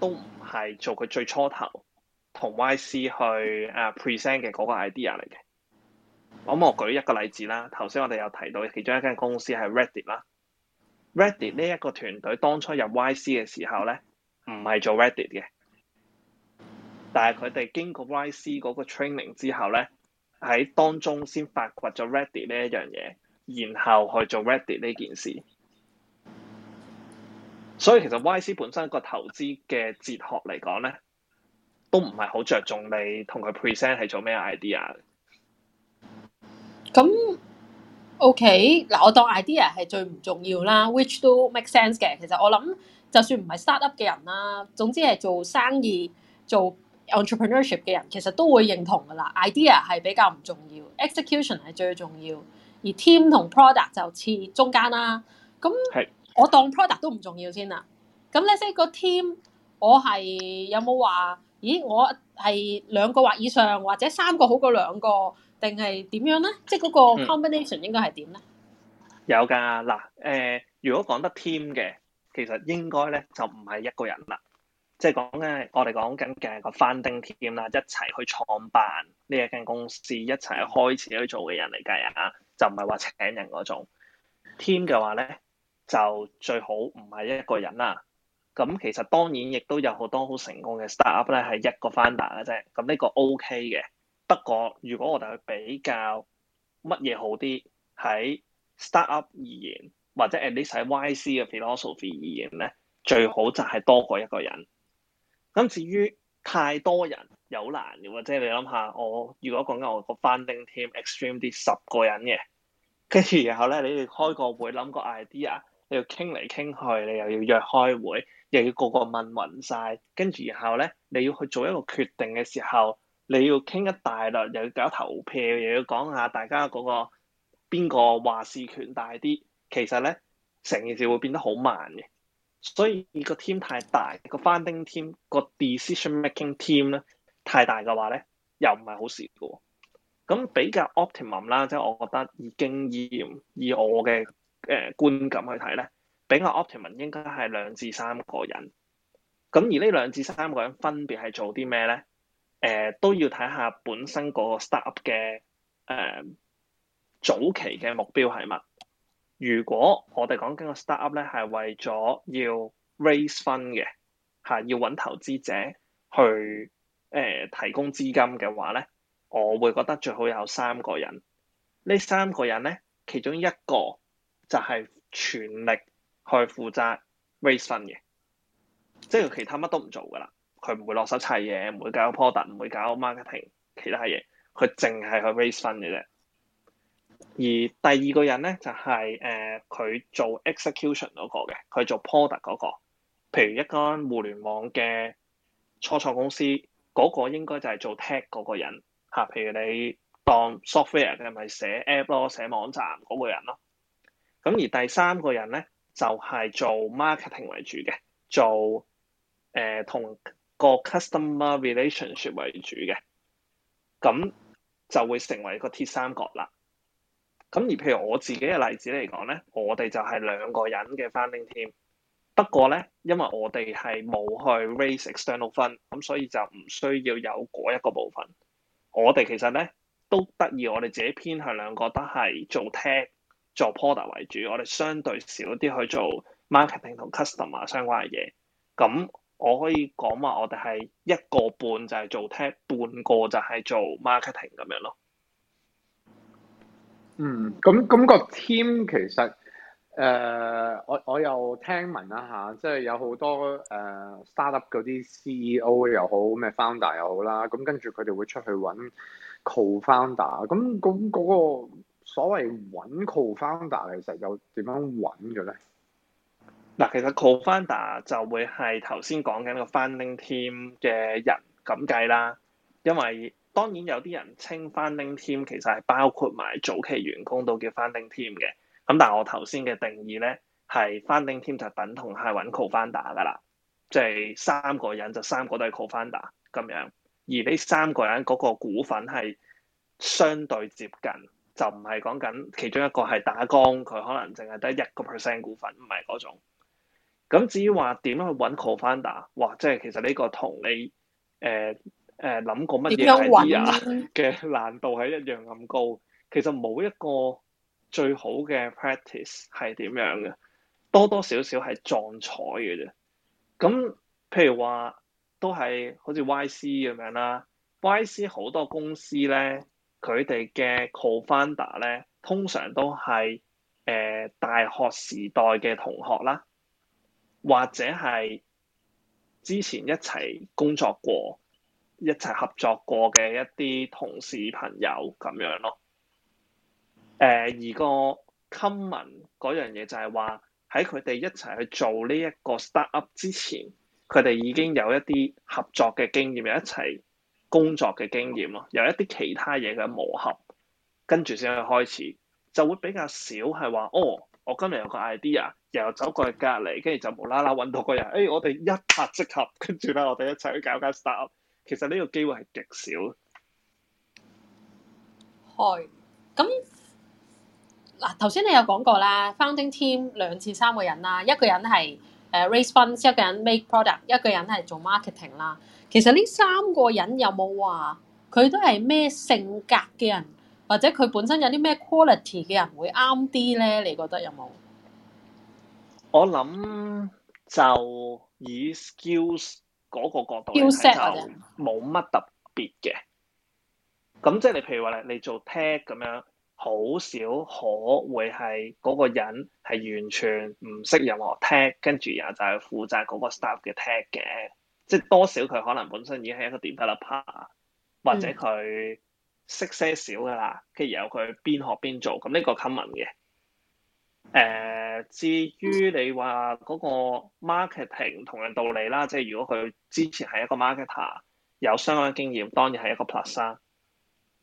Speaker 1: 都唔係做佢最初頭同 YC 去 present 嘅嗰個 idea 嚟嘅。咁我舉一個例子啦。頭先我哋有提到其中一間公司係 Reddit 啦。Reddit 呢一個團隊當初入 YC 嘅時候咧，唔係做 Reddit 嘅。但係佢哋經過 YC 嗰個 training 之後咧，喺當中先發掘咗 Reddit 呢一樣嘢，然後去做 Reddit 呢件事。所以其實 YC 本身個投資嘅哲學嚟講咧，都唔係好着重你同佢 present 係做咩 idea。
Speaker 4: 咁 OK，嗱我當 idea 係最唔重要啦，which 都 make sense 嘅。其實我諗，就算唔係 startup 嘅人啦，總之係做生意做 entrepreneurship 嘅人，其實都會認同㗎喇。idea 係比較唔重要，execution 係最重要，而 team 同 product 就似中間啦。咁係。我當 product 都唔重要先啦。咁你識個 team，我係有冇話？咦，我係兩個或以上，或者三個好過兩個，定係點樣咧？即係嗰個 combination 應該係點咧？
Speaker 1: 有噶嗱，誒、呃，如果講得 team 嘅，其實應該咧就唔係一個人啦。即係講嘅，我哋講緊嘅係個 founding team 啦，一齊去創辦呢一間公司，一齊開始去做嘅人嚟計啊，就唔係話請人嗰種 team 嘅話咧。就最好唔係一個人啦。咁其實當然亦都有好多好成功嘅 start up 咧，係一個 founder 嘅啫。咁呢個 O K 嘅。不過如果我哋去比較乜嘢好啲，喺 start up 而言，或者 at least 喺 Y C 嘅 philosophy 而言咧，最好就係多過一個人。咁至於太多人有難嘅喎，即係你諗下，我如果講緊我個 funding team extreme 啲十個人嘅，跟住然後咧，你哋開個會諗個 idea。你要傾嚟傾去，你又要約開會，又要個個問勻晒。跟住然後咧，你要去做一個決定嘅時候，你要傾一大輪，又要搞投票，又要講下大家嗰、嗰個邊個話事權大啲。其實咧，成件事會變得好慢嘅。所以個 team 太大，個 founding team 個 decision making team 咧太大嘅話咧，又唔係好事嘅。咁比較 optimum 啦，即、就係、我覺得以經驗，以我嘅。嘅、呃、觀感去睇咧，俾個 optimum 應該係兩至三個人。咁而呢兩至三個人分別係做啲咩咧？誒、呃，都要睇下本身個 startup 嘅誒、呃、早期嘅目標係乜。如果我哋講緊個 startup 咧係為咗要 raise fund 嘅吓，要搵投資者去誒、呃、提供資金嘅話咧，我會覺得最好有三個人。呢三個人咧，其中一個。就係全力去負責 raise fund 嘅，即係其他乜都唔做噶啦。佢唔會落手砌嘢，唔會搞 product，唔會搞 marketing 其他嘢。佢淨係去 raise fund 嘅啫。而第二個人咧就係誒佢做 execution 嗰個嘅，佢做 product 嗰個。譬如一間互聯網嘅初創公司，嗰個應該就係做 tech 嗰個人。譬如你當 software 嘅咪寫 app 咯，寫網站嗰個人咯。咁而第三個人咧就係、是、做 marketing 為主嘅，做同、呃、個 customer relationship 為主嘅，咁就會成為一個鐵三角啦。咁而譬如我自己嘅例子嚟講咧，我哋就係兩個人嘅 founding team。不過咧，因為我哋係冇去 raise external fund，咁所以就唔需要有嗰一個部分。我哋其實咧都得意，我哋自己偏向兩個都係做 tech，做 product 為主，我哋相對少啲去做 marketing 同 customer 相關嘅嘢。咁我可以講話，我哋係一個半就係做 tech 半個就係做 marketing 咁樣咯。嗯，
Speaker 2: 咁咁、嗰個 team 其實誒、呃，我我又聽聞一下，即、就、係、是、有好多誒、呃、startup 嗰啲 CEO 又好，咩 founder 又好啦，咁跟住佢哋會出去揾 co-founder，咁咁嗰、嗰個。所謂揾 cofounder 其實又點樣揾嘅咧？嗱，其實 cofounder 就會
Speaker 1: 係頭先講緊個 founding team 嘅人咁計啦。因為當然有啲人稱 founding team 其實係包括埋早期員工都叫 founding team 嘅。咁但係我頭先嘅定義咧係 founding team 就等同係揾 cofounder 噶啦，即係三個人就三個都係 cofounder 咁樣，而呢三個人嗰個股份係相對接近。就唔係講緊其中一個係打工，佢可能淨係得一個 percent 股份，唔係嗰種。咁至於話點樣去揾 cofounder，哇！即係其實呢個同你誒誒諗過乜嘢 idea 嘅難度係一樣咁高。其實冇一個最好嘅 practice 係點樣嘅，多多少少係撞彩嘅啫。咁譬如話都係好似 YC 咁樣啦，YC 好多公司咧。佢哋嘅 co-founder 咧，通常都係誒、呃、大學時代嘅同學啦，或者係之前一齊工作過、一齊合作過嘅一啲同事朋友咁樣咯。誒、呃，而個 common 嗰樣嘢就係話，喺佢哋一齊去做呢一個 startup 之前，佢哋已經有一啲合作嘅經驗，一齊。工作嘅經驗咯，由一啲其他嘢嘅磨合，跟住先去開始，就會比較少係話哦，我今日有個 idea，又走過去隔離，跟住就無啦啦揾到個人，誒、欸，我哋一拍即合，跟住咧我哋一齊去搞間 startup。其實呢個機會係極少。
Speaker 4: 係，咁嗱頭先你有講過啦，founding team 兩至三個人啦，一個人係誒 raise funds，一個人 make product，一個人係做 marketing 啦。其實呢三個人有冇話佢都係咩性格嘅人，或者佢本身有啲咩 quality 嘅人會啱啲咧？你覺得有冇？
Speaker 1: 我諗就以 skills 嗰個角度嚟睇就冇乜特別嘅。咁即係你譬如話你做 tag 咁樣，好少可會係嗰個人係完全唔識任何 tag，跟住然後就係負責嗰個 staff 嘅 tag 嘅。即係多少佢可能本身已經係一個 developer 或者佢識些少噶啦，跟住然後佢邊學邊做，咁呢個 common 嘅、呃。至於你話嗰個 marketing，同樣道理啦。即如果佢之前係一個 marketer，有相關經驗，當然係一個 plus 啦。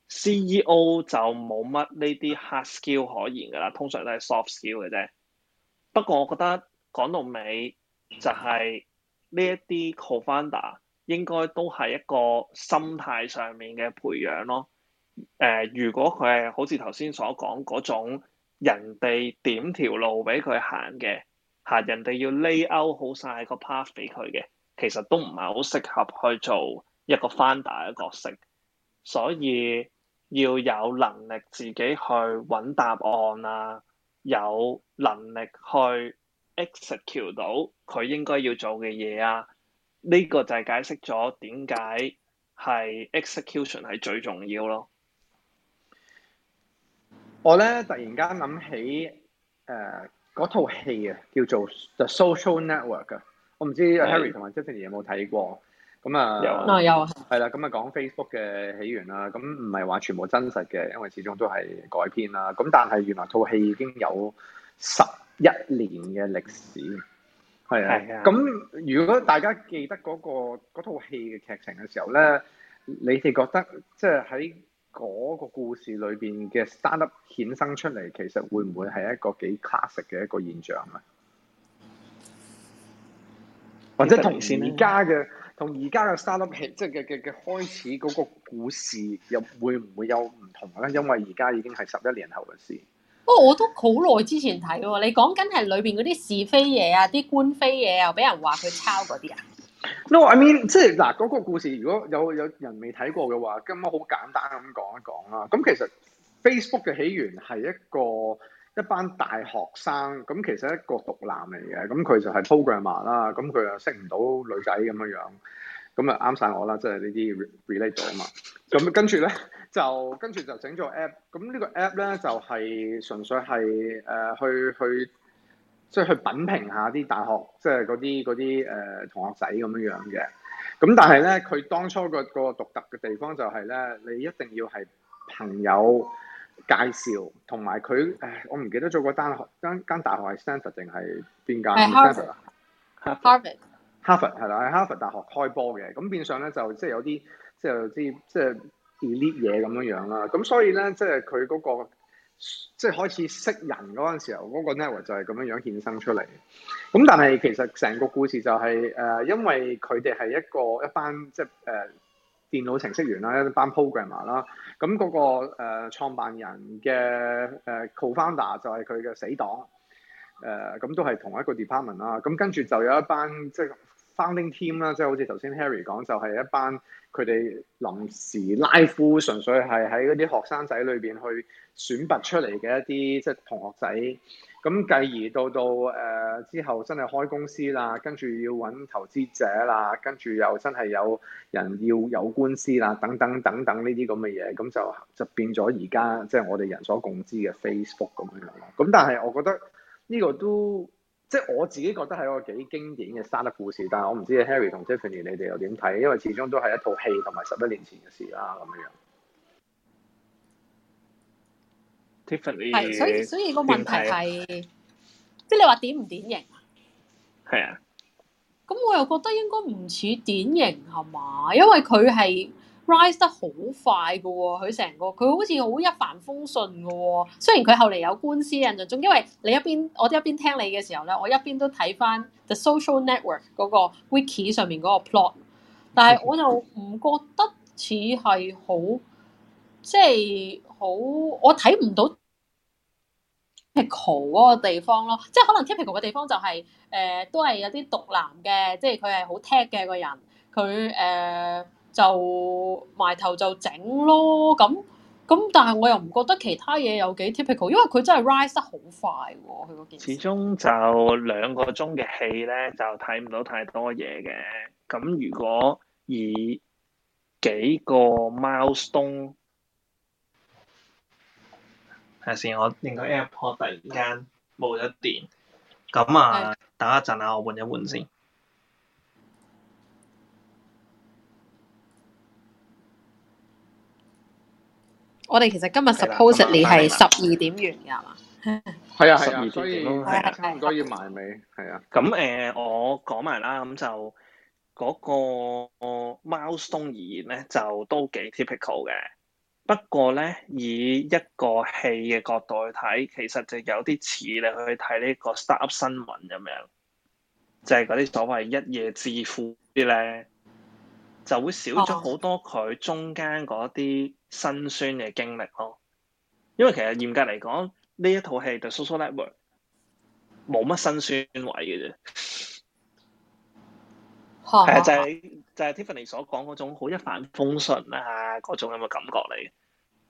Speaker 1: CEO 就冇乜呢啲 hard skill 可言噶啦，通常都係 soft skill 嘅啫。不過我覺得講到尾就係、是。呢一啲 cofounder 應該都係一個心態上面嘅培養咯。誒、呃，如果佢係好似頭先所講嗰種人哋點條路俾佢行嘅，吓，人哋要 lay out 好晒個 path 俾佢嘅，其實都唔係好適合去做一個 founder 嘅角色。所以要有能力自己去揾答案啊，有能力去。execute 到佢應該要做嘅嘢啊。呢個就係解釋咗點解係 execution 係最重要咯。
Speaker 2: 我咧突然間諗起誒，嗰套戲啊，叫做 The Social Network 啊。我唔知 Harry 同埋 Tiffany 有冇睇過？咁啊，有啊，有啊，係啦。咁啊講 Facebook 嘅起源啦，咁唔係話全部真實嘅，因為始終都係改編啦。咁但係原來套戲已經有十。一年嘅歷史，係啊，啊的。咁如果大家記得嗰、嗰個嗰套戲嘅劇情嘅時候咧，你哋覺得即係喺嗰個故事裏邊嘅 startup 衍生出嚟，其實會唔會係一個幾 classic 嘅一個現象啊？是
Speaker 3: 的或者同而家
Speaker 2: 嘅，同而家嘅 startup 戲，up, 即係嘅嘅嘅開始嗰個故事，又會唔會有唔同咧？因為而家已經係十一年後嘅事。
Speaker 4: 不過，我都好耐之前睇喎。你講緊係裏邊嗰啲是非嘢啊，啲官非嘢啊，又俾人話佢抄嗰啲啊。
Speaker 2: No，I mean，即係嗱嗰個故事，如果有有人未睇過嘅話，咁我好簡單咁講一講啦。咁其實 Facebook 嘅起源係一個一班大學生，咁其實係一個獨男嚟嘅，咁佢就係 programmer 啦，咁佢又識唔到女仔咁嘅樣。咁啊啱晒我啦，即係呢啲 relate 到啊嘛。咁跟住咧，就跟住就整咗 app。咁呢個 app 咧就係純粹係誒去去，即係去品評下啲大學，即係嗰啲嗰啲誒同學仔咁樣樣嘅。咁但係咧，佢當初個個獨特嘅地方就係咧，你一定要係朋友介紹，同埋佢誒我唔記得咗個單學間間大學係 Stanford 定係邊間？Harvard。哈佛係啦，喺哈佛大學開波嘅，咁變相咧就即係、就是、有啲即係啲即係 elite 嘢咁樣這樣啦。咁所以咧即係佢嗰個即係、就是、開始識人嗰陣時候，嗰、那個 network 就係咁樣樣衍生出嚟。咁但係其實成個故事就係、是、誒、呃，因為佢哋係一個一班即係誒、呃、電腦程式員啦，一班 programmer 啦、那個。咁嗰個誒創辦人嘅誒 co-founder 就係佢嘅死黨。誒、呃、咁都係同一個 department 啦。咁跟住就有一班即係。Founding team 啦，即係好似頭先 Harry 講，就係、是、一班佢哋臨時拉夫，純粹係喺嗰啲學生仔裏邊去選拔出嚟嘅一啲即係同學仔。咁繼而到到誒、呃、之後真係開公司啦，跟住要搵投資者啦，跟住又真係有人要有官司啦，等等等等呢啲咁嘅嘢，咁就就變咗而家即係我哋人所共知嘅 Facebook 咁樣樣咯。咁但係我覺得呢個都～即係我自己覺得係一個幾經典嘅生得故事，但係我唔知 Harry 同 Tiffany 你哋又點睇，因為始終都係一套戲同埋十一年前嘅事啦咁樣樣。Tiffany 係，所以所以
Speaker 4: 個問題係，即係你話典唔典型
Speaker 3: 是
Speaker 4: 啊？係啊。咁我又覺得應該唔似典型係嘛，因為佢係，rise 得好快㗎喎，佢成個佢好似好一帆風順㗎喎。雖然佢後嚟有官司嘅印象中，因為你一邊我一邊聽你嘅時候咧，我一邊都睇返 The Social Network 嗰個 wiki 上面嗰個 plot，但係我就唔覺得似係好即係好，我睇唔到 typical 嗰個地方咯。即係可能 typical 嘅地方就係、是、誒、呃、都係有啲毒男嘅，即係佢係好 tag 嘅個人，佢誒。呃就埋頭就整咯，咁咁但係我又唔覺得其他嘢有幾 typical，因為佢真係 rise 得好快喎，哦，佢嗰件
Speaker 1: 事。始終就兩個鐘嘅戲咧，就睇唔到太多嘢嘅。咁如果以幾個 milestone，係先我連個 airport 突然間冇咗電，咁啊的等一陣啊，我換一換先。
Speaker 4: 我哋其實今日 supposedly 係十二的點完㗎，係啊的，十二的 所以差唔
Speaker 1: 多要埋尾，係啊。咁誒、呃，我講埋啦，咁就嗰、那個貓松而言咧，就都幾 typical 嘅。不過咧，以一個戲嘅角度去睇，其實就有啲似你去睇呢個 startup 新聞咁樣，就係嗰啲所謂一夜致富啲咧。就會少咗好多佢中間嗰啲辛酸嘅經歷咯，因為其實嚴格嚟講，呢一套戲對 The Social Network 冇乜辛酸位嘅啫，
Speaker 3: 係啊，就係
Speaker 1: 就係 Tiffany 所講嗰種好一帆風順啊嗰種咁嘅感覺嚟嘅。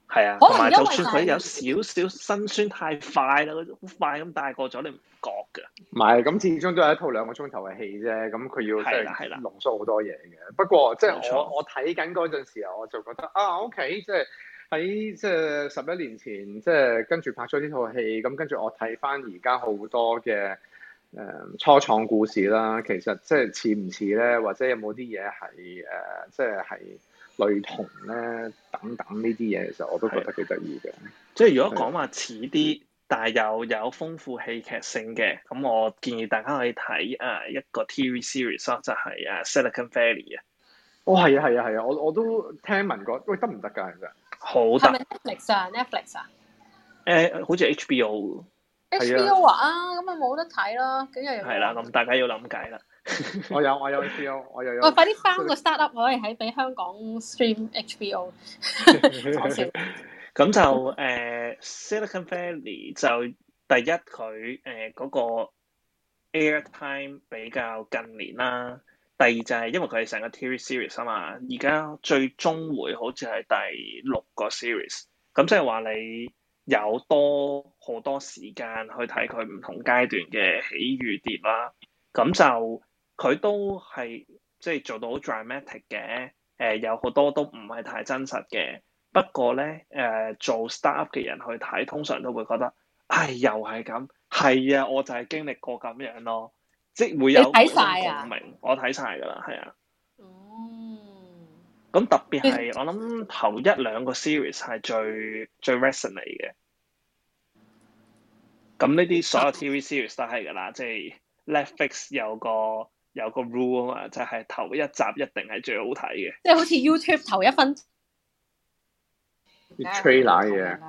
Speaker 1: 係啊，同埋就算佢有
Speaker 2: 少少辛酸太快啦，好 快咁大過咗，你唔覺噶。唔係，咁始終都係一套兩個鐘頭嘅戲啫。咁佢要即係濃縮好多嘢嘅。不過即係、即係、我我睇緊嗰陣時候，我就覺得錯啊，OK，即係喺即係十一年前，即、就、係、是、跟住拍咗呢套戲。咁跟住我睇翻而家好多嘅誒、嗯、初創故事啦，其實即係似唔似咧，或者有冇啲嘢係誒，即、呃、係。即係係類同咧，等等呢啲嘢，其實我都覺得幾得
Speaker 1: 意嘅。即係如果講話似啲，但係又有豐富戲劇性嘅，咁我建議大家可以睇誒一個 TV series 咯，就係誒《Silicon Valley》啊。
Speaker 2: 哦，係啊，係啊，係啊，我我都聽聞過，喂，得唔得㗎？其、啊、好，係咪
Speaker 4: Netflix 啊？Netflix 啊？
Speaker 2: 誒、欸，好似 HBO 喎。
Speaker 4: HBO 啊？咁啊冇得睇咯。咁又係啦。咁
Speaker 1: 大家要諗計啦。 我有我有 HBO，我又有。我快啲返個
Speaker 4: startup，我可以喺俾香港 stream HBO。
Speaker 1: 咁就誒，Silicon Valley 就第一佢誒嗰個 airtime 比較近年啦。第二就係因為佢係成個 TV series 啊嘛，而家最終會好似係第六個 series。咁即係話你有多好多時間去睇佢唔同階段嘅起與跌啦。咁就。佢都係即係做到好 dramatic 嘅，誒、呃、有好多都唔係太真實嘅。不過咧，誒、呃、做 startup 嘅人去睇，通常都會覺得，唉、哎、又係咁，係啊，我就係經歷過咁樣咯，即係會有共鳴，我睇晒噶啦，係啊。咁、啊嗯、特別係我諗頭一兩個 series 係最最 recently 嘅。咁呢啲所有 TV series 都係噶啦，嗯、即係 Netflix 有個。有個 rule 啊嘛，就係、是、頭一集一定係最好睇嘅、嗯。
Speaker 4: 即係好似 YouTube 頭一分
Speaker 3: trailer
Speaker 1: 嘅，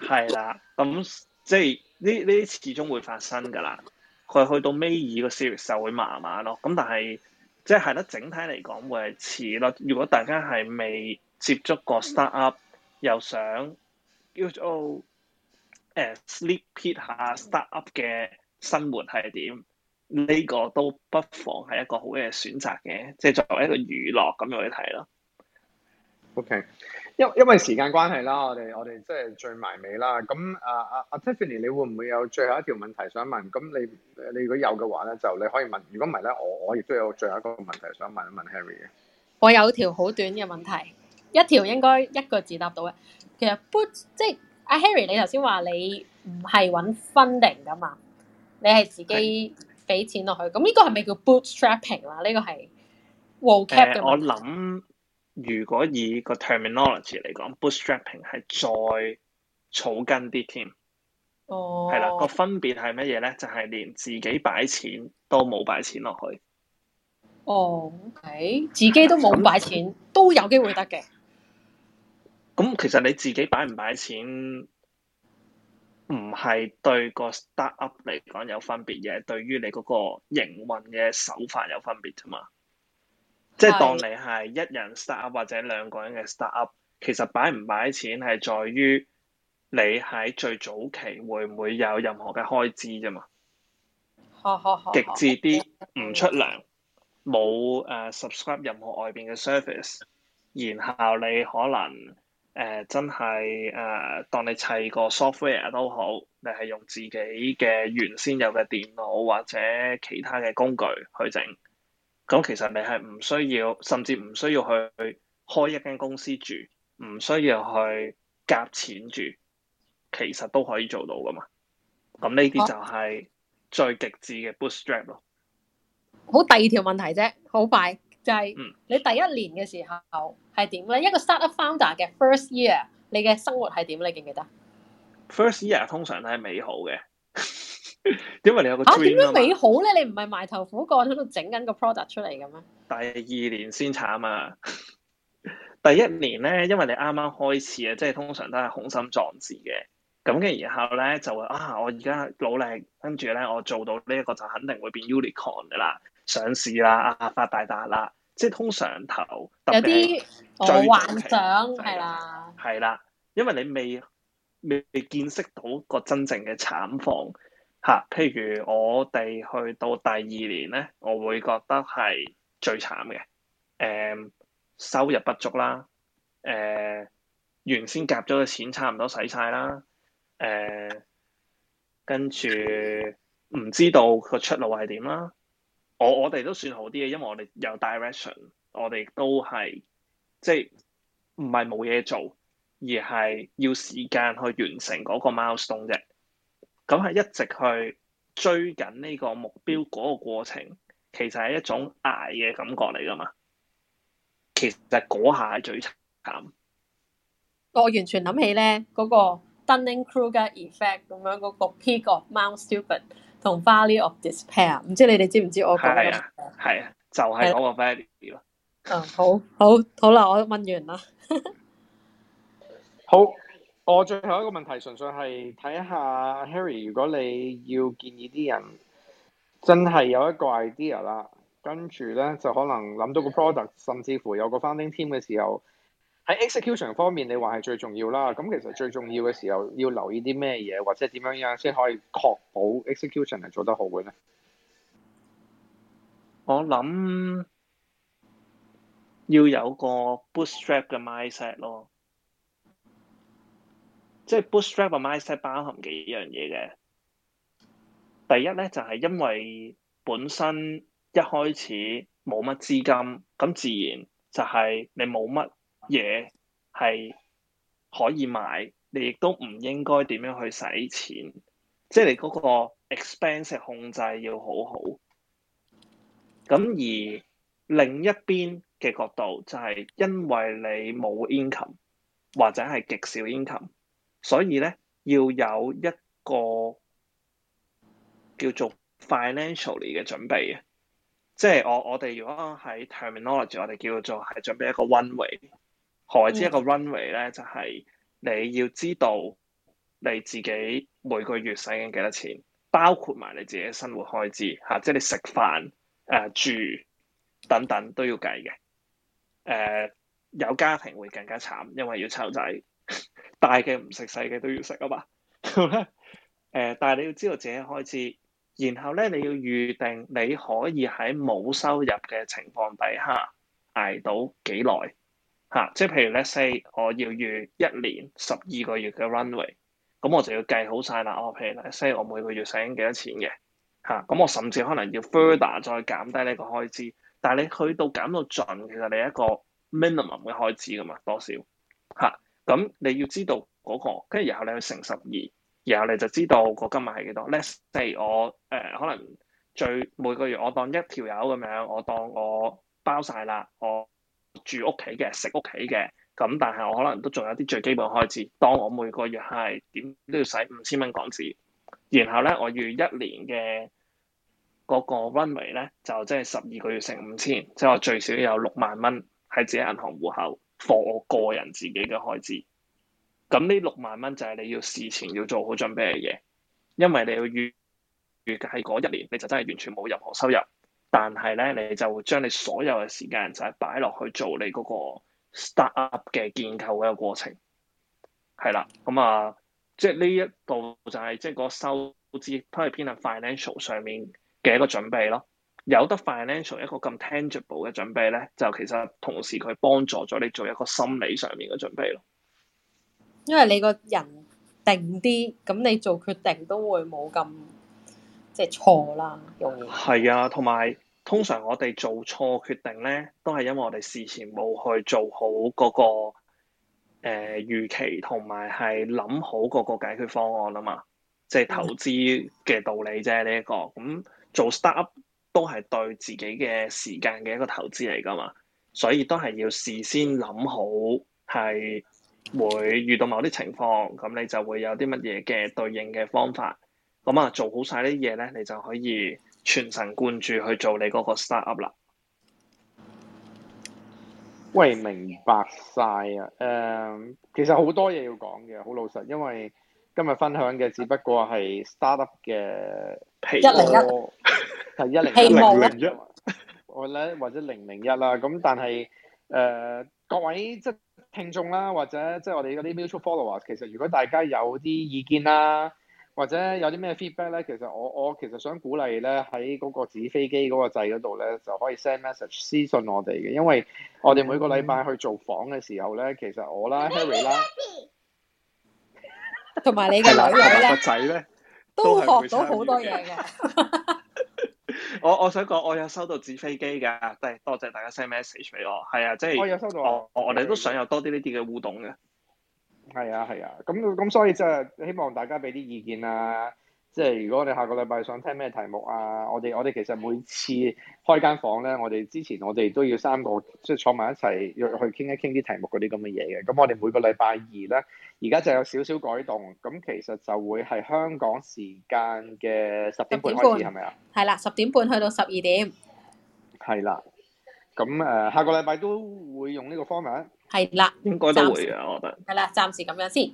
Speaker 1: 係啦。咁即係呢呢啲始終會發生㗎喇。佢去到尾二個 series 就會麻麻咯。咁但係即係得整體嚟講會係遲咯。如果大家係未接觸過 startup，又想叫做誒 sneak peek 下 startup 嘅生活係點？呢個都不妨係一個好嘅選擇嘅，即係作為一個娛樂咁樣去睇咯。
Speaker 2: OK，因因為時間關係啦，我哋我哋即係最埋尾啦。咁啊啊，Tiffany，你會唔會有最後一條問題想問？咁你你如果有嘅話咧，就你可以問。如果唔係咧，我我亦都有最後一個問題想問一問 Harry 嘅。
Speaker 4: 我有條好短嘅問題，一條應該一個字答到嘅。其實 put 即係阿 Harry，你頭先話你唔係揾 funding 噶嘛？你係自己，俾錢落去，咁呢個係咪叫 bootstrapping 啦？呢、呢個係、呃，我
Speaker 1: 諗如果以個 terminology 嚟講，bootstrapping 係再草根啲添。哦，
Speaker 4: 係啦，嗰個
Speaker 1: 分別係乜嘢咧？就係、係、連自己擺錢都冇擺錢落去。哦、
Speaker 4: 係、okay，自己都冇擺錢，那都有機會得嘅。
Speaker 1: 咁其實你自己擺唔擺錢？唔係對個 start up 嚟講有分別嘅，對於你嗰個營運嘅手法有分別啫嘛。
Speaker 3: 即係的當你
Speaker 1: 係一人 start up 或者兩個人嘅 start up，其實擺唔擺錢係在於你喺最早期會唔會有任何嘅開支啫嘛。
Speaker 4: 好好好。極致啲
Speaker 1: 唔出糧，冇誒 subscribe 任何外邊嘅 service，然後你可能。誒、呃、真係誒、呃，當你砌個 software 都好，你係用自己嘅原先有嘅電腦或者其他嘅工具去整，咁其實你係唔需要，甚至唔需要去開一間公司住，唔需要去夾錢住，其實都可以做到㗎嘛。咁呢啲就係最極致嘅 Bootstrap 咯、啊。
Speaker 4: 好，第二條問題啫，好快。嗯，你第一年嘅時候係點咧？嗯、一個 startup founder 嘅 first year，你嘅生活係點？你記唔記得
Speaker 1: ？First year 通常都係美好嘅， 因為你有個啊，點樣美
Speaker 4: 好咧？ 你唔係埋頭苦幹喺度整緊個 product 出嚟嘅咩？
Speaker 1: 第二年先慘啊！第一年咧，因為你啱啱開始啊，即係通常都係雄心壯志嘅。咁嘅然後咧就會啊，我而家努力，跟住咧我做到呢一個就肯定會變 unicorn 噶啦，上市啦，啊、發大達啦。即係通常頭有啲，我幻想係啦，係啦、就是的，因為你未未見識到個真正嘅慘況吓、啊，譬如我哋去到第二年咧，我會覺得係最慘嘅。誒、嗯，收入不足啦，誒、嗯，原先夾咗嘅錢差唔多使晒啦，誒、嗯，跟住唔知道個出路係點啦。我我哋都算好啲嘅，因為我哋有 direction，我哋都係即係唔係冇嘢做，而係要時間去完成嗰個 milestone 啫。咁係一直去追緊呢個目標嗰個過程，其實係一種捱嘅感覺嚟㗎嘛。其實嗰下係最慘。
Speaker 4: 我完全諗起咧嗰個 Dunning-Kruger effect 咁樣嗰個 peak of Mount Stupid。同 Valley of Despair，唔知你哋知唔知我講咩？
Speaker 1: 係啊，就係、是、嗰個 Valley 咯。嗯、uh，
Speaker 4: 好好好啦，我問完啦。
Speaker 2: 好，我最後一個問題純是看，純粹係睇下 Harry，如果你要建議啲人，真係有一個 idea 啦，跟住咧就可能諗到個 product，甚至乎有個 funding team 嘅時候。喺 execution 方面，你話係最重要啦。咁其實最重要嘅時候，要留意啲咩嘢，或者點樣樣先可以確保 execution 係做得好嘅咧？
Speaker 1: 我諗要有個 bootstrap 嘅 mindset 咯，即係 bootstrap 嘅 mindset 包含幾樣嘢嘅。第一咧就係因為本身一開始冇乜資金，咁自然就係你冇乜。嘢係可以買，你亦都唔應該點樣去使錢，即係你嗰個 expense 控制要好好。咁而另一邊嘅角度就係因為你冇 income 或者係極少 income，所以咧要有一個叫做 financially 嘅準備啊！即係我我哋如果喺 terminology，我哋叫做係準備一個 one way。何謂一個 runway 咧？就係、是、你要知道你自己每個月使緊幾多錢，包括埋你自己嘅生活開支，吓、啊，即係你食飯、誒、呃、住等等都要計嘅。誒、呃，有家庭會更加慘，因為要湊仔，大嘅唔食，細嘅都要食啊嘛。
Speaker 3: 咧，
Speaker 1: 誒、 呃，但係你要知道自己嘅開支，然後咧你要預定你可以喺冇收入嘅情況底下捱到幾耐。嚇，即係譬如 let's say 我要預一年十二個月嘅 runway，咁我就要計好晒啦。哦，譬如 let's say 我每個月使緊幾多錢嘅嚇，咁我甚至可能要 further 再減低呢個開支。但係你去到減到盡，其實你一個 minimum 嘅開支噶嘛，多少嚇？咁你要知道嗰個，跟住然後你去乘十二，然後你就知道個金額係幾多。Let's say 我、呃、可能最每個月我當一條友咁樣，我當我包晒啦，我。住屋企嘅，食屋企嘅，咁但係我可能都仲有啲最基本嘅開支。當我每個月係點都要使五千蚊港紙，然後咧我預一年嘅嗰個 runway 咧，就即係十二個月成五千，即係我最少有六萬蚊喺自己銀行戶口放我個人自己嘅開支。咁呢六萬蚊就係你要事前要做好準備嘅嘢，因為你要預預計嗰一年你就真係完全冇任何收入。但係咧，你就會將你所有嘅時間就係擺落去做你嗰個 startup 嘅建構嘅過程，係啦。咁啊，即係呢一度就係、是、即係個收支，都係偏向 financial 上面嘅一個準備咯。有得 financial 一個咁 tangible 嘅準備咧，就其實同時佢幫助咗你做一個心理上面嘅準備咯。
Speaker 4: 因為你個人定啲，咁你做決定都會冇咁。即係錯啦，容易。
Speaker 1: 係啊，同埋通常我哋做錯決定咧，都係因為我哋事前冇去做好嗰、嗰個誒、呃、預期，同埋係諗好嗰個解決方案啊嘛。即係投資嘅道理啫，呢一、 呢個咁做 start up 都係對自己嘅時間嘅一個投資嚟噶嘛，所以都係要事先諗好，係會遇到某啲情況，咁你就會有啲乜嘢嘅對應嘅方法。 咁啊，做好晒呢啲嘢咧，你就可以全神貫注去做你嗰個 startup 啦。
Speaker 2: 喂，明白晒啊！誒、呃，其實好多嘢要講嘅，好老實，因為今日分享嘅只不過係 startup 嘅一零一，係一零零零一，我咧，或者零零一啦。咁但係誒、呃，各位即係、就是、聽眾啦、啊，或者即係我哋嗰啲 mutual followers，其實如果大家有啲意見啦、啊。或者有啲咩 feedback 咧？其實我我其實想鼓勵咧，喺嗰個紙飛機嗰個掣嗰度咧，就可以 send message 私信我哋嘅，因為我哋每個禮拜去做訪嘅時候咧，其實我啦、嗯、Harry 啦，
Speaker 4: 同埋你嘅女、個仔
Speaker 2: 咧，啦呢都學到好
Speaker 4: 多嘢嘅
Speaker 1: 我我想講，我有收到紙飛機㗎，都係多謝大家 send message 俾我。係啊，即、就、係、是、我有收到，我哋我的都想有多啲呢啲嘅互動嘅。
Speaker 2: 係啊，係啊，咁咁所以即係希望大家俾啲意見啊，即係如果你下個禮拜想聽咩題目啊，我哋我哋其實每次開間房咧，我哋之前我哋都要三個即係坐埋一齊約去傾一傾啲題目嗰啲咁嘅嘢嘅，咁我哋每個禮拜二咧，而家就有少少改動，咁其實就會係香港時間嘅十點半開始是是，係咪啊？
Speaker 4: 係啦，十點半去到十二點。
Speaker 2: 係啦、啊，咁誒，下個禮拜都
Speaker 4: 會用呢個 format。
Speaker 2: 係啦，應該都會
Speaker 4: 嘅，我覺得。係啦，暫時咁樣先。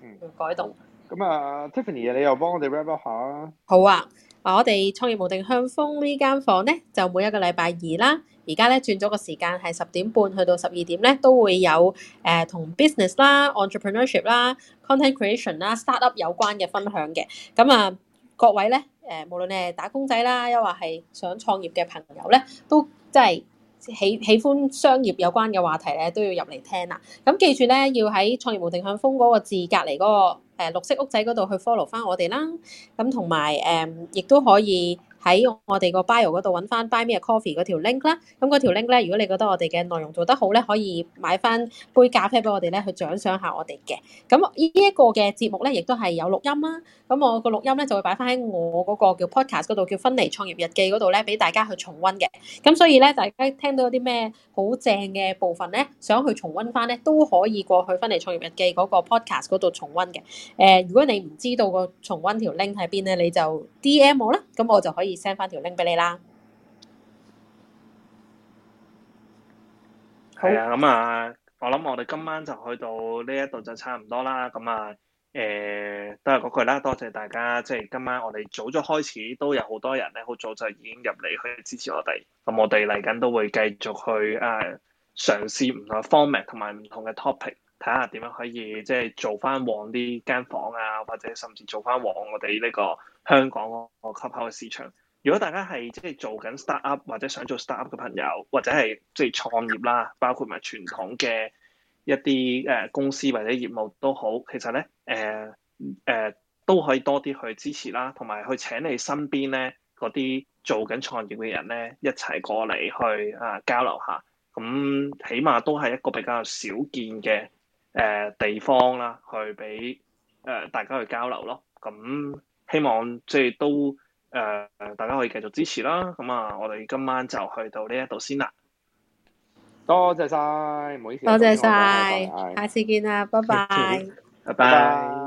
Speaker 4: 嗯，改動。咁、
Speaker 2: 嗯、啊 ，Tiffany，你又幫我哋 rap 下？
Speaker 4: 好啊，嗱，我哋創業無定向瘋呢間房咧，就每一個禮拜二啦，而家咧轉咗個時間，係十點半去到十二點咧，都會有誒同、呃、business 啦、entrepreneurship 啦、content creation 啦、startup 有關嘅分享嘅。咁啊，各位咧，誒、呃，無論你係打工仔啦，又或係想創業嘅朋友咧，都即係～喜喜歡商業有關嘅話題咧，都要入嚟聽啦。咁記住咧，要喺創業無定向瘋嗰、嗰個字隔離嗰個誒、呃、綠色屋仔嗰度去 follow 翻我哋啦。咁同埋誒，亦都可以。喺我哋個 bio 嗰度揾翻 Buy Me a Coffee 嗰條 link 啦，咁嗰條 link 咧，如果你覺得我哋嘅內容做得好咧，可以買翻杯咖啡俾我哋咧去獎賞下我哋嘅。咁呢一個嘅節目咧，亦都係有錄音啦、啊。咁我個錄音咧就會擺翻喺我嗰個叫 Podcast 嗰度，叫芬妮創業日記嗰度咧，俾大家去重温嘅。咁所以咧，大家聽到有啲咩好正嘅部分咧，想去重温翻咧，都可以過去芬妮創業日記嗰個 Podcast 嗰度重温嘅。誒、呃，如果你唔知道個重温條 link 喺邊咧，你就 DM 我啦，咁我就可以。
Speaker 1: send 翻條 link 俾你啦。係啊，咁啊，我諗我哋今晚就去到呢一度就差唔多啦。咁啊，誒、欸，都係嗰句啦，多謝大家。即係今晚我哋早咗開始，都有好多人咧，好早就已經入嚟去支持我哋。咁我哋嚟緊都會繼續去誒嘗試唔同嘅 format 同埋唔同嘅 topic，睇下點樣可以即係做翻旺呢間房啊，或者甚至做翻旺我哋呢個香港嗰個 clubhouse 嘅市場。如果大家係即係做緊 startup 或者想做 startup 嘅朋友，或者係即係創業啦，包括埋傳統嘅一啲誒公司或者業務都好，其實咧誒誒都可以多啲去支持啦，同埋去請你身邊咧嗰啲做緊創業嘅人咧一齊過嚟去啊交流下，咁起碼都係一個比較少見嘅誒、呃、地方啦，去俾誒、呃、大家去交流咯。咁希望即係都。誒、呃，大家可以繼續支持啦，咁啊，我哋今晚就去到呢一度先啦。
Speaker 3: 多謝晒，唔好意
Speaker 1: 思。多謝晒
Speaker 4: 謝，下次見啦，拜拜，拜拜。 拜拜，
Speaker 1: 拜
Speaker 3: 拜。